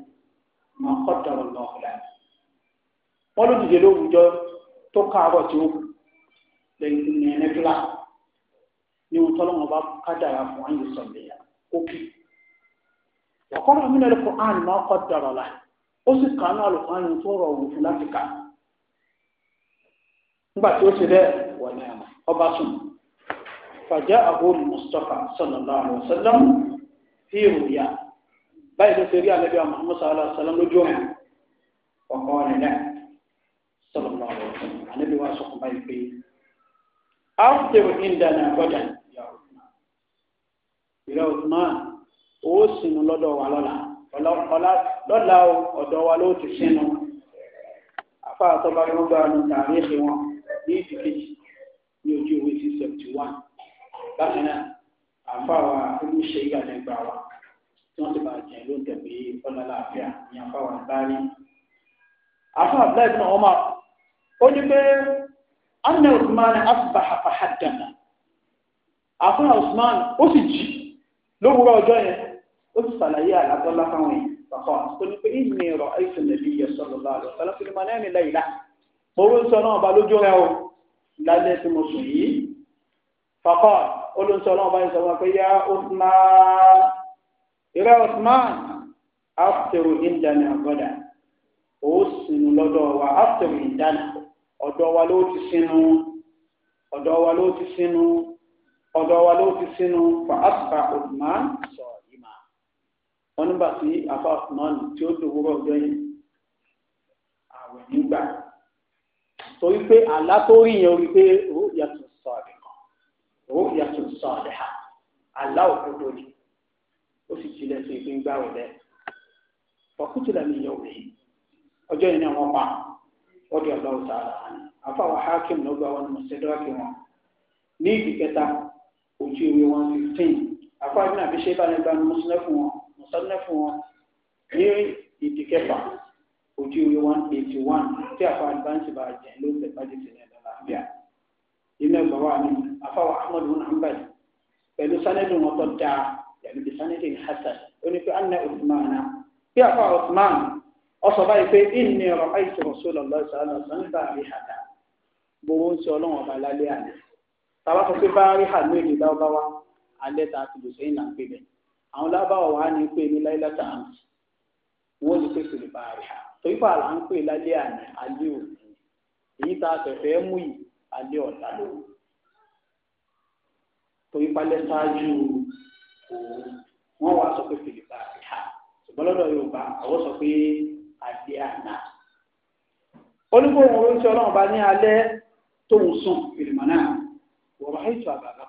máa kọ́ dọ̀rọ̀ náà kúlẹ̀. wọ́n ló dìde lówùjọ tó káàárọ̀ tí ó lẹ́yìn ní ẹni fúlà ní ohun tọ́lọ́wọ́n bá kádàrà fún àyè sọ̀lẹ̀ yà ó kì. wọ́n kọ́ kọ́ àná máa kọ́ dọ̀rọ̀ láì ó sì kàánú àlùkòrán yẹn tó rọ̀ òfin láti kà nígbà tí ó ti rẹ̀ wọ̀ ní ọba sùn fàjá àbúrò mustapha sallallahu alaihi wa sallam fi rúyà báyìí ló ṣe rí àlẹ́bí àwọn Muhammad sallallahu alaihi wa sallam lójú ọ̀hún ọ̀kọ́ rẹ̀ náà sallallahu alaihi wa sallam àlẹ́bí wa sọ̀kùn báyìí pé áfíìrù ìndàna gbọ́dà ìrẹ́ òtún náà ó sì ń lọ́dọ̀ wà lọ́la ọlá lọ́la o ọ̀dọ̀ wa ló ti sínú afa àtọ́ba ló gba àánú tàríìkì wọn ní ìdíkejì ní ojú owó sí seventy one bákan náà afa wa olùṣe ìgbàdẹ́gbà wa tí wọ́n ti bá jẹ́ ló ń tẹ̀wé ọlọ́láàfíà ní afa wa báyìí. afa abdullahi bin omar ó ní pé anna usman asbaha fahaddana afa usman ó sì jí lówùúrọ̀ ọjọ́ yẹn ó sì ṣàlàyé àlàtọ́lá fáwọn yẹn. فقال قل فإني رأيت النبي صلى الله عليه وسلم في المنام ليلة قولوا سنة بلوجو له لالة مصري فقال قولوا سنة بلوجو يا عثمان يا عثمان أفطر عندنا غدا أوسن لدوا وأفطر عندنا ọ̀dọ̀ wa ló ti sínú ọ̀dọ̀ wa ló ti sínú ọ̀dọ̀ wa wọn nígbà tí afa tí ó dòwúrọ̀ ọjọ́ yìí àwẹ̀ nígbà torí pé àlá tó rí yẹn rí pé ó yàtọ̀ sọ̀rọ̀ kan ó yàtọ̀ sọ̀rọ̀ ha àlá òdodo ni ó sì tilẹ̀ sí ìpín gbàwẹ̀ bẹ́ẹ̀ mi yẹ ọjọ́ yìí ni wọ́n pa afa wọn wọn ní ìdí mùsọ́lá fún wọn ní ìdí kẹfà ojú ìwé one eighty one tí àfa advance bá jẹ ló ń tẹ̀pá di sílẹ̀ lọ́la àbíà nínú ẹgbẹ́ wa ni afáwọ̀ ahmed bin hanbal pẹ̀lú sanadu wọn tó dáa yàrá ibi sanadu ní hasan ó pé anna usman bí afa usman ọsọ báyìí pé inni ra'aytu rasulullah sallallahu alaihi wasallam bá rí hàdá gbowó ń sọ ọlọ́wọ́n ọba lálẹ́ àná tàbá sọ pé bá rí hàdá ní èdè dáwọ́ bá wa tá a ti lò sẹ́yìn náà gbé bẹ́ẹ̀ àwọn lábàwọ̀ wa ní pé ní láìláta àmì wọ́n ti pèsè lè bá a rí a torí pa àlà ń pè lálẹ́ àná alẹ́ òní èyí tá a fẹ̀fẹ̀ mú yìí alẹ́ ọ̀la ló torí palẹ́ ṣáájú wọ́n wá sọ pé fèlè bá a rí a ṣùgbọ́n lọ́dọ̀ Yorùbá àwọn sọ pé alẹ́ àná onígbòhùn orí Ọlọ́run bá ní alẹ́ tóun sùn fìlìmọ̀ náà wọ́n bá ètò àbàbà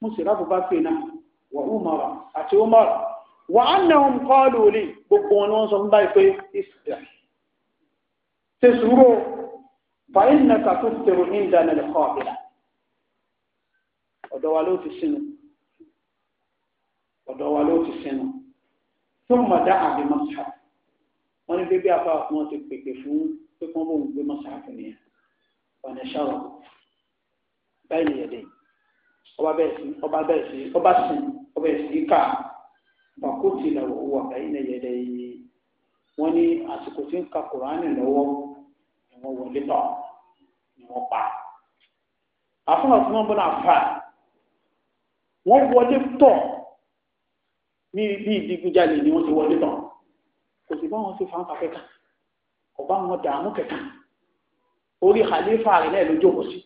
mo sì rábò pè náà wà umara àti umara wà annahum qalu li gbogbo wọn ni wọ́n sọ ń báyìí pé ìsìlẹ̀ ṣe sùúrù fàyín na kàtó tẹ̀rù ní ìdánilẹ̀ kọ́ àbílà ọ̀dọ̀ wa ló ti sínú tó mọ̀ dá àbí mọ́sá wọ́n ní bíbí afá wọn ti pèpè fún pé bóun gbé mọ́sá fún yẹn ọ̀nà ṣáwọ̀ báyìí nìyẹn lẹ́yìn ọba bẹ́ẹ̀ sí ọba bẹ́ẹ̀ sí ọba sí ọba sí ká bàkóòtì lọ́wọ́ wọ ẹ̀yìn ẹ̀yẹ̀dẹ̀ yìí wọ́n ní àsìkò tí ń ka kùránì lọ́wọ́ ni wọ́n wọlé tọ̀ ni wọ́n pa àfúnà tí wọ́n bọ́ náà fà wọ́n wọlé tọ̀ ní ibi ìdigunjalè ni wọ́n ti wọlé tọ̀ kò sì bá wọn ṣe fàǹfà kẹta ọba wọn dààmú kẹta orí khalifa rẹ̀ náà ló jókòó sí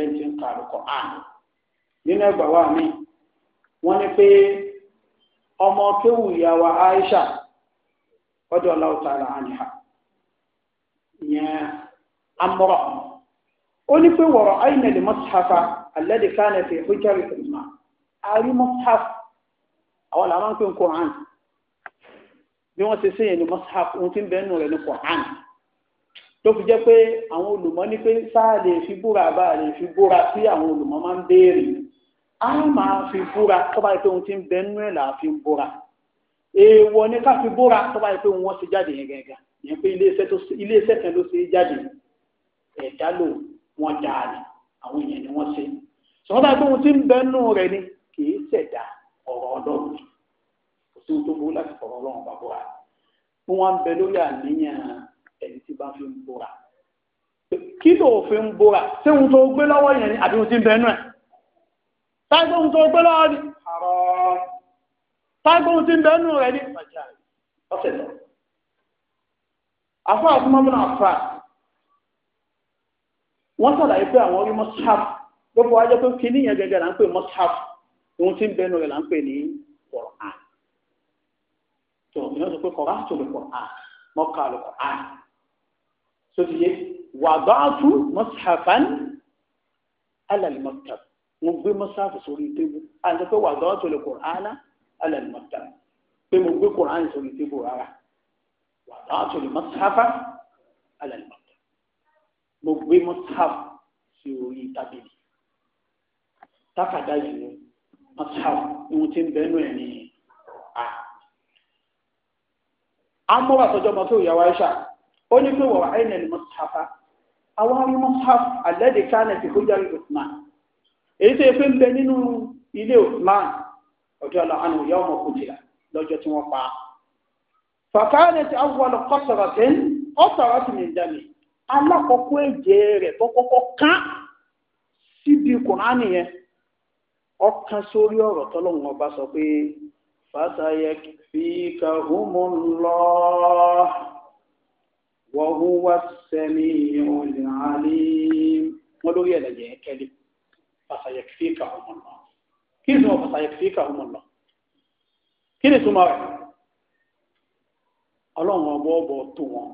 ẹni tí ń ka àlùkò àná nínú ẹgbàá wa mi wọ́n ní pé ọmọ kéwù ìyàwó Aisha ọdọ ọlọ́ọ̀tà là á nìyà ìyẹn amọ̀rọ̀ ó ní pé wọ̀rọ̀ ayinẹ̀lì mọ́sáfà alẹ́dẹ̀ kánẹ̀ fi hujjari kìlìmà àrí mọ́sáfà àwọn làwọn ń pè ń kọ́ hàn bí wọ́n ti sèyẹn ní mọ́sáfà ohun tí ń bẹ́ẹ̀ nù rẹ̀ ní kọ́ hàn tó fi jẹ́ pé àwọn olùmọ̀ ní pé sáà lè fi búra bá lè fi búra sí àwọn olùmọ̀ máa ń béèrè yìí a máa fi búra tó bá yẹ pé òun ti ń bẹ nínú ẹ̀ là á fi búra èèwọ̀ ni ká fi búra tó bá yẹ pé òun wọ́n ṣe jáde yẹn gẹ̀gẹ̀ yẹn pé ilé iṣẹ́ kan ló ṣe jáde ẹ̀dá lò wọ́n dáa ni àwọn èèyàn ni wọ́n ṣe ṣùgbọ́n bá yẹ pé òun ti ń bẹ nínú rẹ̀ ni kì í ṣẹ̀dá ọ̀rọ̀ ọlọ́run kò sí ohun tó burú láti fọ̀rọ̀ ọlọ́run bá búra wọ́n wá ń bẹ lórí àníyàn ẹni tí bá fi ń kí ló fi ń búra tó gbé lọ́wọ́ yẹn ni àbí ohun tí ń bẹ tágbóhun tó gbé lọ́wọ́ ni tágbóhun tí ń bẹ nù rẹ̀ ní ọ̀sẹ̀ lọ. àfọ àfọmọ́mọ́nà àfà wọ́n sàlàyé pé àwọn orí mọ́sáf gbogbo wa jẹ́ pé kíní yẹn gẹ́gẹ́ là ń pè mọ́sáf ohun tí ń bẹ nù rẹ̀ là ń pè ní kọ̀ọ̀án tó ìyẹn sọ pé kọ̀ọ̀án tó lè kọ̀ọ̀án mọ́ká lè kọ̀ọ̀án sótìyé wàgbáàtú mọ́sáfán alàlè mọ́sáfán mo gbé mọ́sáàfù sórí tébù àti pé wà dọ́wọ́ tó lè kọ̀ áná alẹ́ ní mọ́tà pé mo gbé kùránì sórí tébù rárá wà dọ́wọ́ tó lè mọ́sáàfà alẹ́ ní mọ́tà mo gbé mọ́sáàfù sí orí tábìlì tákàdá yìí ni mọ́sáàfù ni mo ti ń bẹ́nu ẹ̀ ní a. amúra tọjọ́ mọ́ tó yà ó ní pé wà wá ẹ̀ ní mọ́sáàfà àwọn mọ́sáàfù alẹ́ de ká èyí tó yẹ pé ń bẹ nínú ilé Usman ọjọ́ làánù ìyá ọmọ kùtìlá lọ́jọ́ tí wọ́n pa á. fàkàrẹ̀ tí àwọn ọ̀sọ̀rọ̀ tẹ́ ń ọ̀sọ̀rọ̀ tì ní ìdàmì alákọ̀ọ́kọ́ ẹ̀jẹ̀ rẹ̀ tó kọ́kọ́ kán síbi kùránì yẹn ọkàn sórí ọ̀rọ̀ tọ́lọ́run ọba sọ pé fàtàyẹ fi kàhùmù lọ wọ́n wá sẹ́mi ìrìn àlè wọ́n lórí ẹ̀lẹ́jẹ̀ kẹ́lẹ́. فسيكفيكهم الله كيف هو فسيكفيكهم الله kí ni túmọ̀ rẹ̀ ọlọ́run ọbọ̀ ọbọ̀ tó wọn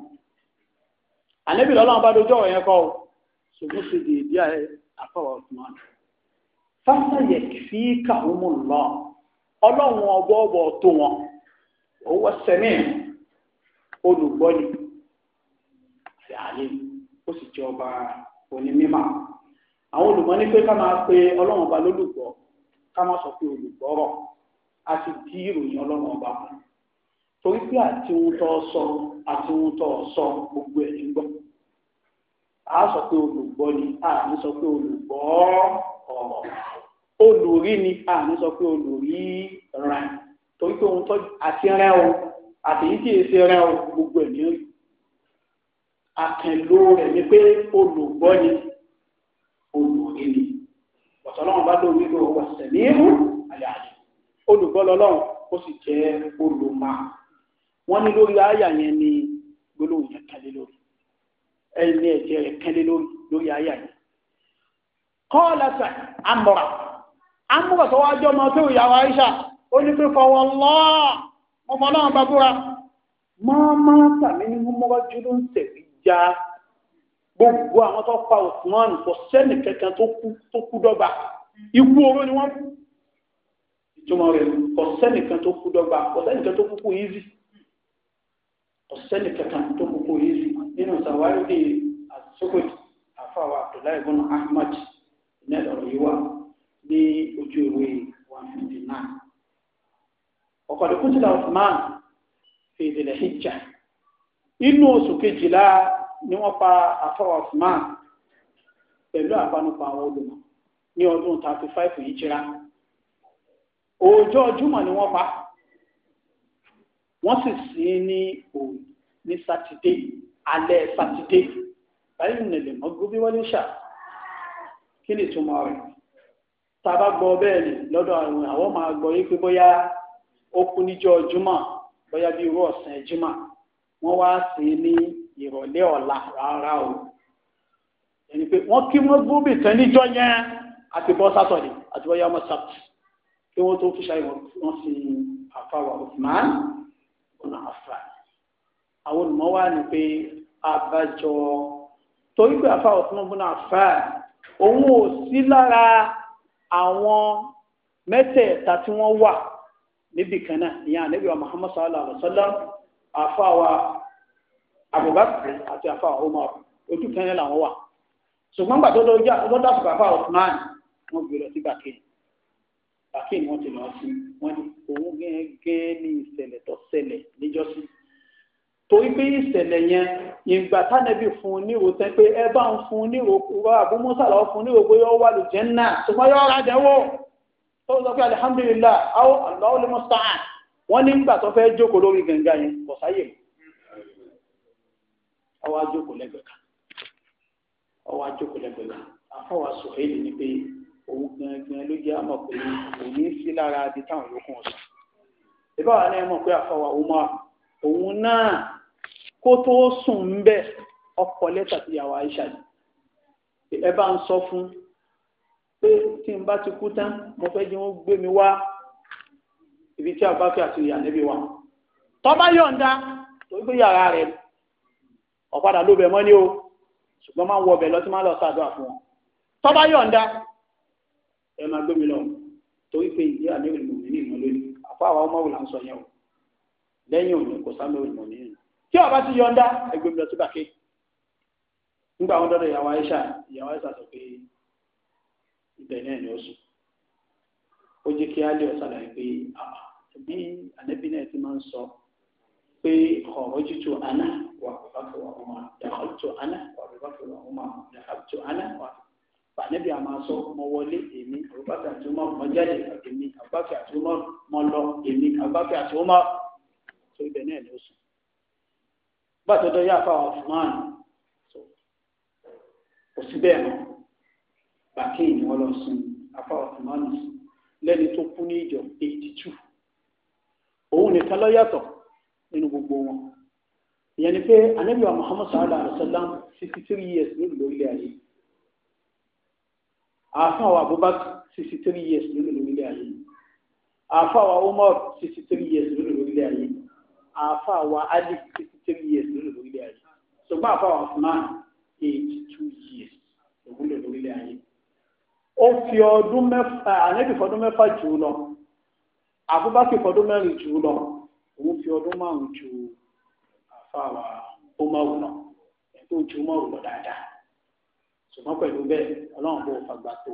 ànábì lọ́lọ́run bá dojú ọ̀rọ̀ yẹn kọ́ ọ ṣùgbọ́n ṣe di ìdí àfọwọ́ ọ̀túnmọ́ni fásitì fi kàwọ́mù lọ ọlọ́run ọbọ̀ ọbọ̀ tó wọn owó sẹ́mi olùgbọ́ni àti àlè ó sì jẹ́ ọba onímímà àwọn olùmọ̀ ní pé ká máa pe ọlọ́run ọba lólùgbọ́ ká má sọ pé olùgbọ́rọ̀ a ti di ìròyìn ọlọ́run ọba fún torí pé àti ohun tó sọ àti ohun tó sọ gbogbo ẹ̀ gbọ́ a sọ pé olùgbọ́ ni a ní sọ pé olùgbọ́ ọ̀rọ̀ olùrí ni a ní sọ pé olùrí ràn torí pé ohun tó àti rẹ o àti yìí tí e ṣe rẹ o gbogbo ẹ̀ ní akẹ́lò rẹ̀ ni pé olùgbọ́ ni. olùwòye ni ọ̀tọ̀lọ́run bá lóun nílò ọ̀sẹ̀ ní ìhù àyàlè olùgbọ́lọ́lọ́run ó sì jẹ́ olùmọ̀ wọ́n ní lórí àyà yẹn ni gbólóhùn yẹn kẹ́lẹ́ lórí ẹni ẹ̀jẹ̀ rẹ̀ kẹ́lẹ́ lórí àyà yẹn. kọ́ọ̀lẹ́sẹ̀ amúra amúra tó ọmọ tó Aisha ó ní pé fọwọ́ mọ́mọ́ náà bá búra tàbí gbogbo àwọn tó pa Usman kò sẹ́nì kankan tó kú dọ́gba ikú oró ni wọ́n kú ìtumọ̀ rẹ̀ kò sẹ́nì kan tó kú dọ́gba kò sẹ́nì kan tó kú kú yìí kò sẹ́nì kankan tó kú kú yìí nínú sàwárí di àfàwà Abdullahi ibn Ahmad ní ọ̀rọ̀ yìí wà ní ojú ìwé one fifty nine ọ̀kọ̀dọ̀kùtìlá Usman fèdèlè hijja inú oṣù kejìlá ni wọ́n pa àfọ Osman pẹ̀lú àpanupọ̀ àwọn olùmọ̀ ní ọdún thirty yìí jira ọjọ́ júmọ̀ ni wọ́n pa wọ́n sì sin ní òòlù ní sátidé alẹ́ sátidé báyìí nílẹ̀ mọ́ gómìnà wọlé ṣáà kí ni ìtumọ̀ rẹ̀ tá a bá gbọ́ bẹ́ẹ̀ ni lọ́dọ̀ àwọn àwọn máa gbọ́ yí pé bóyá ó kú níjọ́ júmọ̀ bóyá bí irú ọ̀sán júmọ̀ wọ́n wá sí ní ìrọ̀lẹ́ ọ̀la rárá o ẹni pé wọ́n kí wọ́n gbóbì tán níjọ́ yẹn àti bọ́ sátọ̀dì àti bọ́ yàmọ́ sábà kí wọ́n tó fi ṣàyẹ̀wò wọ́n fi àfàwà Usman ọ̀nà àfà àwọn olùmọ̀ wà ní pé abájọ torí pé àfàwà Usman ọ̀nà àfà òun ò sí lára àwọn mẹ́tẹ̀ẹ̀ta tí wọ́n wà níbìkan náà ìyá ànábìwá Muhammad sallallahu alaihi wa sallam àfàwà. Abubakar àti afa Umar ojú kan yẹn làwọn wà ṣùgbọ́n gbà tó dọ́jà sùkà afa Usman wọ́n gbé lọ sí bàkín bàkín wọ́n ti lọ sí wọ́n ní òun gẹ́gẹ́ ní ìṣẹ̀lẹ̀ tó ṣẹlẹ̀ níjọ́sí torí pé ìṣẹ̀lẹ̀ yẹn ìgbà tánẹ́bì fún un ní ìwòsàn pé ẹ bá ń fún un ní ìwòsàn Abu Musa lọ́wọ́ fún un ní ìwòsàn yóò wà lù jẹ́ ṣùgbọ́n yóò rájẹ́ wò tó sọ pé alihamdulilayi awo Allahu al ní ìgbà tó fẹ́ jókòó lórí gànga yẹn kò sáyè mọ́ ọwọ́ ajókòó lẹ́gbẹ̀ẹ́ kan ọwọ́ ajókòó lẹ́gbẹ̀ẹ́ kan afọwọ́ sọ̀hẹ́lì ni pé òun gangan ló jẹ́ àmọ̀ pé òní sí lára adi táwọn yòókù ọ̀sán ìbáwá náà mọ̀ pé afọwọ́ Umar òun náà kó tó sùn ń bẹ̀ ọkọ̀ lẹ́tà ti yàwó Aisha ẹ bá ń sọ fún pé tí n bá ti kú tán mo fẹ́ jẹ́ wọ́n gbé mi wá ibi tí abáfẹ́ àti ìyá níbi wa tọ́ba yọ̀ǹda tó gbé yàrá rẹ̀ ọ̀padà ló bẹ̀ mọ́ ní o ṣùgbọ́n máa ń wọ ọbẹ̀ lọ sí máa ń lọ sàdúrà fún wọn tọ́ba yọ̀ǹda ẹ máa gbé mi lọ torí pé ìdí àdéhùn ìmọ̀mí ní ìmọ̀ lónìí àfọ àwọn ọmọ òun ń sọ yẹn o lẹ́yìn òní kò sá mẹ́rin ìmọ̀mí nínú tí ọba ti yọ̀ǹda ẹ gbé mi lọ sí bàkẹ́ nígbà wọn dọ́dọ̀ ìyàwó Aisha ìyàwó Aisha sọ pé ibẹ̀ náà ni ó sùn ó jẹ́ kí á lè ọ̀sán pé kọ̀ọ̀rọ̀jútù àná wà bàbáfẹ́ wà ọmọ dàkọ̀tù àná wà bàbáfẹ́ wà ọmọ dàkọ̀tù àná wà bànẹ́bí a máa sọ mọ wọlé èmi àbúbáfẹ́ àti ọmọ mọ jáde èmi àbúbáfẹ́ àti ọmọ mọ lọ èmi àbúbáfẹ́ àti ọmọ tó ibẹ̀ náà ló sùn. bàtọ́ dọ́ yá fáwọn ọ̀fùmán kò sí bẹ́ẹ̀ mọ́ bàkí ni wọ́n lọ sùn afáwọn ọ̀fùmán lẹ́ni tó kú ní ìjọ eighty two òun nìkan ló yàtọ̀ nínú gbogbo wọn ìyẹn ni pé anabi wa muhammad sallallahu alaihi wa sallam sixty three years nínú lórílẹ̀ ayé àáfàá wa abubakar sixty three years nínú lórílẹ̀ ayé àáfàá wa umar sixty three years nínú lórílẹ̀ ayé àáfàá wa ali sixty three years nínú lórílẹ̀ ayé ṣùgbọ́n àáfàá wa usman eighty two years lòwúlò lórílẹ̀ ayé ó fi ọdún mẹ́fà anabi fọdún mẹ́fà jù lọ abubakar fọdún mẹ́rin jù lọ òun fi ọdún márùn ju àfàwà ọmọwù lọ ẹgbẹ ojú ọmọwù lọ dáadáa ṣùgbọ́n pẹ̀lú bẹ́ẹ̀ Ọlọ́run bò fàgbà tó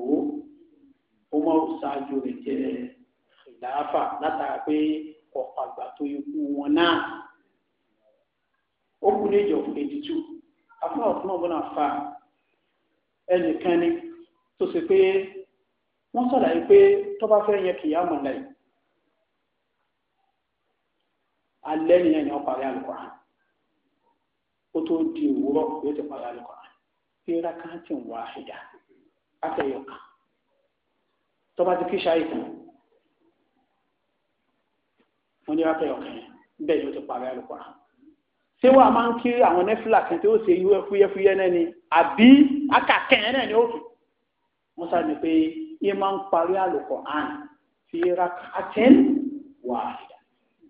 ọmọwù ṣáájú rẹ̀ jẹ ìdáfà látara pé ọ̀pọ̀ àgbà tó ikú wọn náà ó kú ní ìjọ eighty two afúnà ọ̀tún náà bọ́n náà fa ẹnìkan ni tó ṣe pé wọ́n sọ̀rọ̀ yìí pé tó bá fẹ́ yẹ kìyàmù lẹ́yìn. alẹ́ nìyẹn ni wọ́n parí al o tó di òwúrọ̀ yóò ti parí tọ́ba ti kíṣà ìtàn wọ́n ní akẹyọkà yẹn bẹ́ẹ̀ yóò ti parí ṣé wàá máa ń kí àwọn nẹ́fìlà kan tí ó ṣe irú ẹfúyẹfúyẹ náà ni àbí akàkẹ́yẹ náà ni ó fi wọ́n sáré pé yín máa ń parí Al-Qur'an fíra káàtì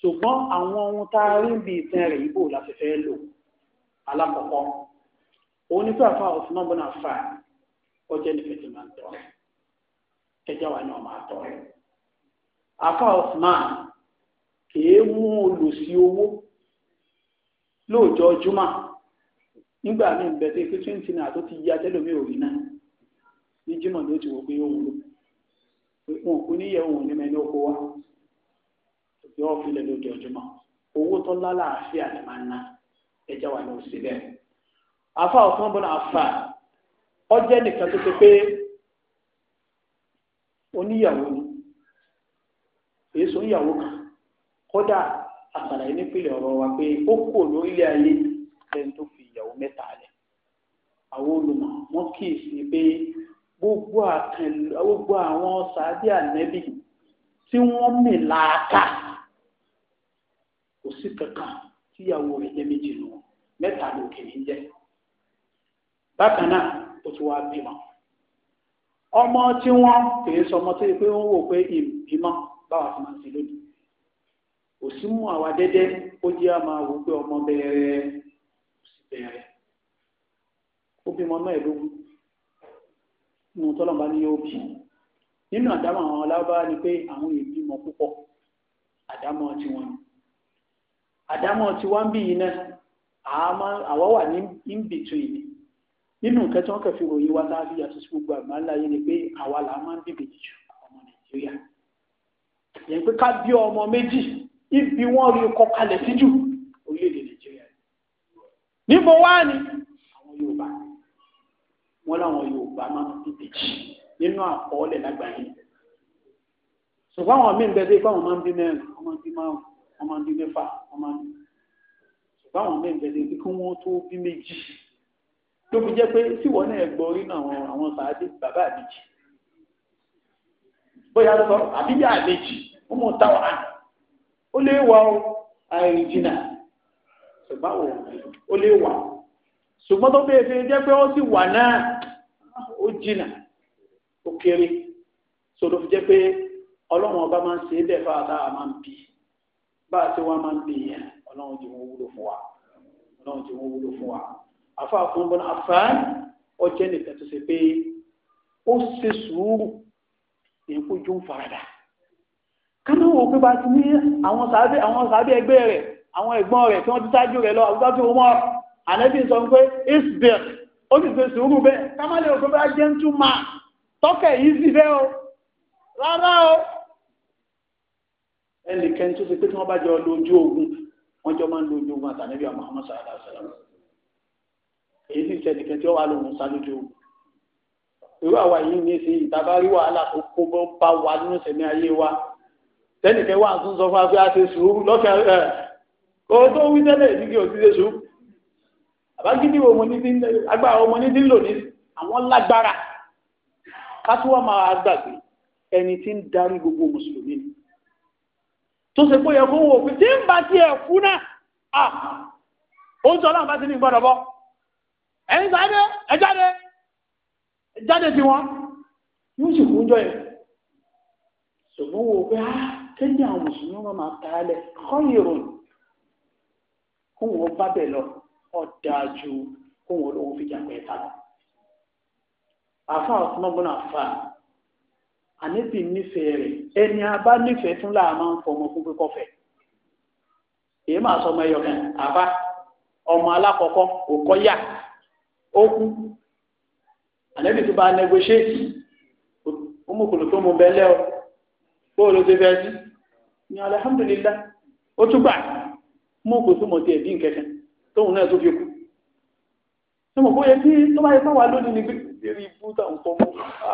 ṣùgbọ́n àwọn ohun tá a rí bí ìtàn rẹ̀ ibò láti fẹ́ lò alákọ̀ọ́kọ́ òun ní pẹ́ àfáà ọ̀sùn náà bọ́nà fà ọjọ́ ní fẹ́tì máa ń tọ́ ẹjọ́ wa náà máa tọ́ àfáà ọ̀sùn náà kìí mú olùsí owó lóòjọ́ júmọ́ nígbà míì bẹ́ẹ̀ tí pé twenty náà tó ti yí atẹ́lómi òrí náà ní jímọ̀ ló ti wò pé ó wúlò wọn kò ní yẹ òun ní mẹ́ni ó kó wa yóò fi lè lóde ọjọ́mọ́ owó tó lálàáfíà ni máa ń ná ẹjẹ́ wà ní òsì bẹ́ẹ̀. àfa ọ̀sán bọ́nà àfa ọjẹ́ nìkan tó ṣe pé oníyàwó ni èyí sọ níyàwó kan kódà àṣàlàyé nípìnlẹ̀ ọ̀rọ̀ wa pé ó kò lórílẹ̀ ayé lẹ́nu tó fi ìyàwó mẹ́ta lẹ̀ àwọn olùmọ̀ wọn kì í sí pé gbogbo àwọn sàádé ànẹ́bì tí wọ́n mì láàká kò sí kankan tíyàwó rẹ̀ jẹ́ méjì lò mẹ́ta ló kìíní jẹ́ bákan náà ó ti wá bímọ ọmọ tí wọ́n kìí sọmọ tó yẹ pé wọ́n wò pé ìbímọ báwa fi máa ń ṣe lónìí kò sí mú àwa dẹ́dẹ́ ó jẹ́ àmọ́ àwò pé ọmọ bẹ̀rẹ̀ kò sí ó bímọ mẹ́ẹ̀ẹ́dógún nínú tọ́lọ́mọba ni yóò bí nínú àdámọ̀ àwọn aláwọ̀ bá pé àwọn ìbímọ púpọ̀ àdámọ̀ tiwọn ni àdámọ̀ tí wọ́n ń bì yìí wà ní in between nínú nǹkan tí wọ́n kàn fi ròyìn wá tá a fi yàtọ̀ sí gbogbo àgbà ńlá ni pé àwa là máa ń bèbè jù ọmọ nàìjíríà yẹn pé ká bí ọmọ méjì ibi wọ́n rí ọkọ̀ kalẹ̀ sí jù orílẹ̀-èdè nàìjíríà níbo wá ni àwọn yorùbá wọn làwọn yorùbá máa ń bèbè jù nínú àkọọ́lẹ̀ lágbàáyé ṣùgbọ́n àwọn míì bẹ́ẹ̀ bí fáwọn máa ń bí mẹ́rin wọ́n máa ń bí márùn-ún ọmọ bí mẹ́fà ọmọ bí ṣùgbọ́n àwọn mẹ́fẹ́ ni kí wọ́n tó bí méjì ló fi jẹ́ pé tíwọ́ náà gbọ́ rí náà àwọn sàádé bàbá àbíjì bóyá sọ àbíjì àbíjì ó mú táwọn àná ó lé wa ó àìjìnà ṣùgbọ́n àwọn ó lé wa ṣùgbọ́n tó bẹ́ẹ̀ fi jẹ́ pé ó sì wà náà ó jìnà ó kéré sọ ló fi jẹ́ pé ọlọ́run ọba máa ń ṣe é bẹ́ẹ̀ fáwọn àtàwọn máa ń bí i bá a ti wá máa ń bì yẹn ọlọ́run ti wọ́n wúlò fún wa ọlọ́run ti wọ́n wúlò fún wa afa àfọ̀nbọ̀n afa ọjẹ́ nìkan tó ṣe pé ó ṣe sùúrù èyí kó jó ń farada kánú wo pé bá ti ní àwọn sàábẹ́ àwọn sàábẹ́ ẹgbẹ́ rẹ̀ àwọn ẹ̀gbọ́n rẹ̀ tí wọ́n ti ṣáájú rẹ̀ lọ àbúgbà tó wọ́n ànábì sọ pé isbir ó sì ṣe sùúrù bẹ́ẹ̀ ká má lè rò pé bá jẹ́ ń túmọ̀ tọ́kẹ̀ yìí sì bẹ́ẹ̀ o rárá o ẹnìkan tó ṣe pé tí wọ́n bá jọ lo ojú ogun wọ́n jọ máa ń lo ojú ogun àtàlẹ́bí àwọn Muhammad sallallahu alaihi èyí sì ṣe ẹnìkan tí wọ́n wà lóhun sá lójú ogun irú àwa yìí ní sí ìtabárí wàhálà tó kó bọ́ bá wa nínú sẹ̀mí ayé wa tẹ́nìkan wà tún sọ fún wa pé a ṣe sùúrù lọ́fẹ̀ẹ́ ẹ̀ kó tó wí tẹ́lẹ̀ ìdíje òsì ṣe sùúrù àbágídí ọmọ ní ti ń agbára ọmọ ní ti ń lò ní ni tó se pé yẹ kó wò pé tí ń bá ti ẹ̀ kú náà à ó ń sọ ọlọ́run bá ti ní gbọ́dọ̀ bọ́ ẹ̀yin sáré ẹ jáde ẹ jáde sí wọn yóò sì kú jọ yẹn ṣùgbọ́n wò pé á ah, kéde àwọn mùsùlùmí wọn máa ta alẹ̀ kọ́ ìròyìn kó wọn bá bẹ̀ lọ ọ̀dà ju kó wọn lówó fi jà pé lọ. àfa ọ̀sán mọ́gbọ́n àfa ànẹ́bì nífẹ̀ẹ́ rẹ̀ ẹni abá nífẹ̀ẹ́ tún láà máa ń fọmọ fún pípọ̀fẹ́ èyí máa sọ ọmọ ẹyọ kan àbá ọmọ alákọ̀ọ́kọ́ òkọ́ yà ó kú ànẹ́bì tó bá nẹgọṣẹ́ẹ̀tì ó mú kòlò tó mú bẹ́ẹ̀ lẹ́ o bóòlù ti fẹ́ sí ni alhamdulillah ó tún gbà mú kò tó mọ̀ tiẹ̀ bí nkẹ́kẹ́ tóun náà tó fi kú tó bóyá tí tó bá yẹ fáwọn alónìí ni gbé eré ibú táwọn tọmọ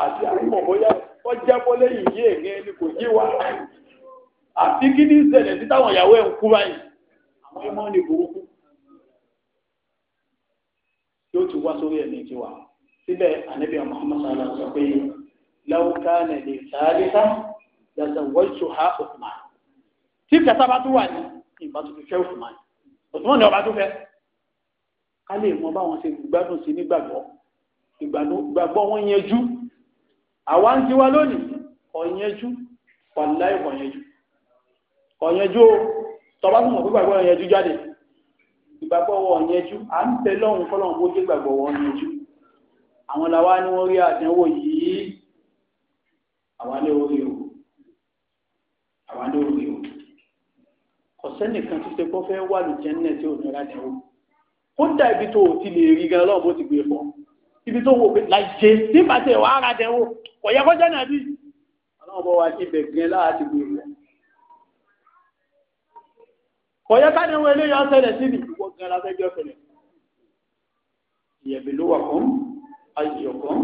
àti àrùmọ̀ bóyá wọ́n jábọ́ lẹ́yìn yé ẹ̀yẹ́ ni kò yé wa àti kí ní ìṣẹ̀lẹ̀ sí táwọn ìyàwó ẹ̀ ń kú báyìí àwọn ẹmọ ní burúkú yóò tún wá sórí ẹ̀mí tiwa síbẹ̀ ànábì Muhammad sàlá sọ pé láwùká nàìjíríà sáré sá yàtọ̀ wọ́ọ̀tù ha òkùnmá tí kẹta bá tún wà ní ìbá tuntun fẹ́ òkùnmá òtún wọn ni ọba tún fẹ́ ká lè mọ báwọn ṣe gbádùn sí nígbàgbọ́ ìgbàgbọ́ wọn yẹjú àwa ń tiwa lónìí ọ̀yẹjú pàláì ọ̀yẹjú ọ̀yẹjú o tọba fún mọ̀ pé gbàgbọ́ ọ̀yẹjú jáde ìgbàgbọ́ wọn ọ̀yẹjú a ń tẹ lọ́hùn fọlọ́hùn bó dé gbàgbọ́ wọn ọ̀yẹjú àwọn làwa ni wọ́n rí àdánwò yìí àwa lé orí o àwa lé orí o ọ̀sẹ́nìkan tó ṣe kó fẹ́ wà lùjẹ́ nílẹ̀ tí ò ní rádẹ́wò kódà ibi tó o ti lè rí gan lọ́wọ́ bó ti gbé fọ́ ibi tó wò pé láìjẹ tí màtẹ wàá ra dẹ wò kò yẹ kọjá náà bí. ọlọ́run bọ̀ wá sí ibẹ̀ gẹ́ láti gbé rẹ̀. kò yẹ ká níwọ̀n eléyà ọ̀sẹ̀lẹ̀ síbi ìwọ gan la fẹ́ gbé ọ̀sẹ̀lẹ̀. ìyẹ̀bí ló wà kún ayọ̀ kan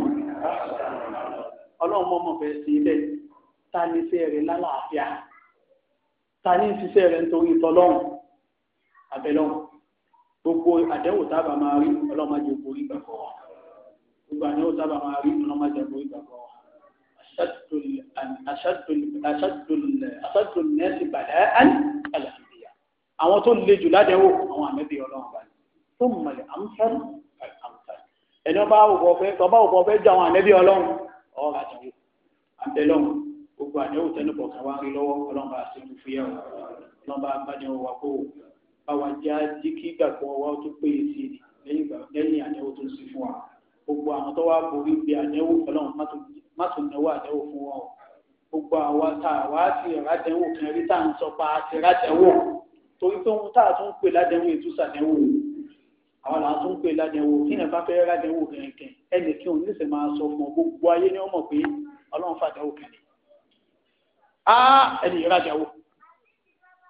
ọlọ́run mọ́mọ́ fẹ́ sí ilé ta ní iṣẹ́ rẹ̀ lálàáfíà ta ní ìṣiṣẹ́ rẹ̀ nítorí tọlọ́run abẹ́lọ́run gbogbo àdẹ́wò tábà máa rí ọlọ́run má jẹ́ ògbórí gbàgbọ́ wa gbogbo àná ó sábà máa rí ìdùnnú máa jẹ̀bú ìgbàgbọ́ aṣáájú nẹ́ẹ̀sì bàdá án àlàfíà àwọn tó le jù ládẹ́wò àwọn àmẹ́bí ọlọ́run bá tó mọ̀lẹ́ àmúfẹ́rù àmúfẹ́rù ẹni ọba òbọ̀ fẹ́ jẹ àwọn àmẹ́bí ọlọ́run ọ̀rọ̀ àjẹwò àbẹ̀lọ́run gbogbo àdéhùn tẹnubọ̀ kan wá rí lọ́wọ́ ọlọ́run bá ṣe fún yẹ̀wò ọlọ́run bá bá jẹun wà kó bá wa já jí gbàgbọ́ wa tó péye sí i lẹ́yìn àdéhùn tó ń ṣe fún wa gbogbo àwọn tó wá borí bí àdéhùn ọlọ́run má tún náwó àdéhùn fún wọn o gbogbo àwa tá a wá sí ìrádẹ́wò kan rí tá à ń sọ pa àti ìrádẹ́wò torí pé ohun tá a tún ń pè ládẹ́wò ìtúsàdẹ́wò àwọn làá tún ń pè ládẹ́wò kí ni bá fẹ́ rádẹ́wò kẹ̀kẹ́ ẹnì kí òun níṣẹ́ máa sọ fún ọ gbogbo ayé ni wọ́n mọ̀ pé ọlọ́run fàdẹ́wò kẹ̀lé á ẹnì ìrádẹ́wò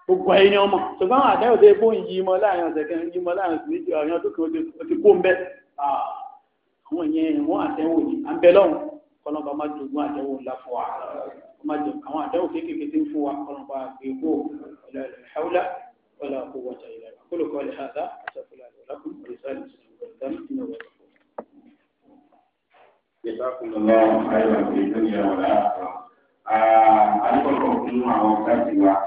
gbogbo ayé ni wọ́n mọ̀ ṣùgbọ́n àdẹ́wò tó yẹ kó ń yí mọ láàrin ọ̀sẹ̀ kan yí mọ láàrin ọ̀sẹ̀ méjì ọ̀rìn àwọn yẹn wọn àtẹwò ni à ń bẹ lọ́wọ́ kọlọ́ba má jogún àtẹwò ńlá fún wa má jọ àwọn àtẹwò kéékèèké tí ń fún wa kọlọ́ba gbé kó ọ̀là ìhàwùlà ọ̀là kó wọ́n ṣe ìlànà kó ló kọ́ ilé hàdá àṣàkùlà ìwọ̀lákùn ìrìsàlì ìsìnkú ìdáná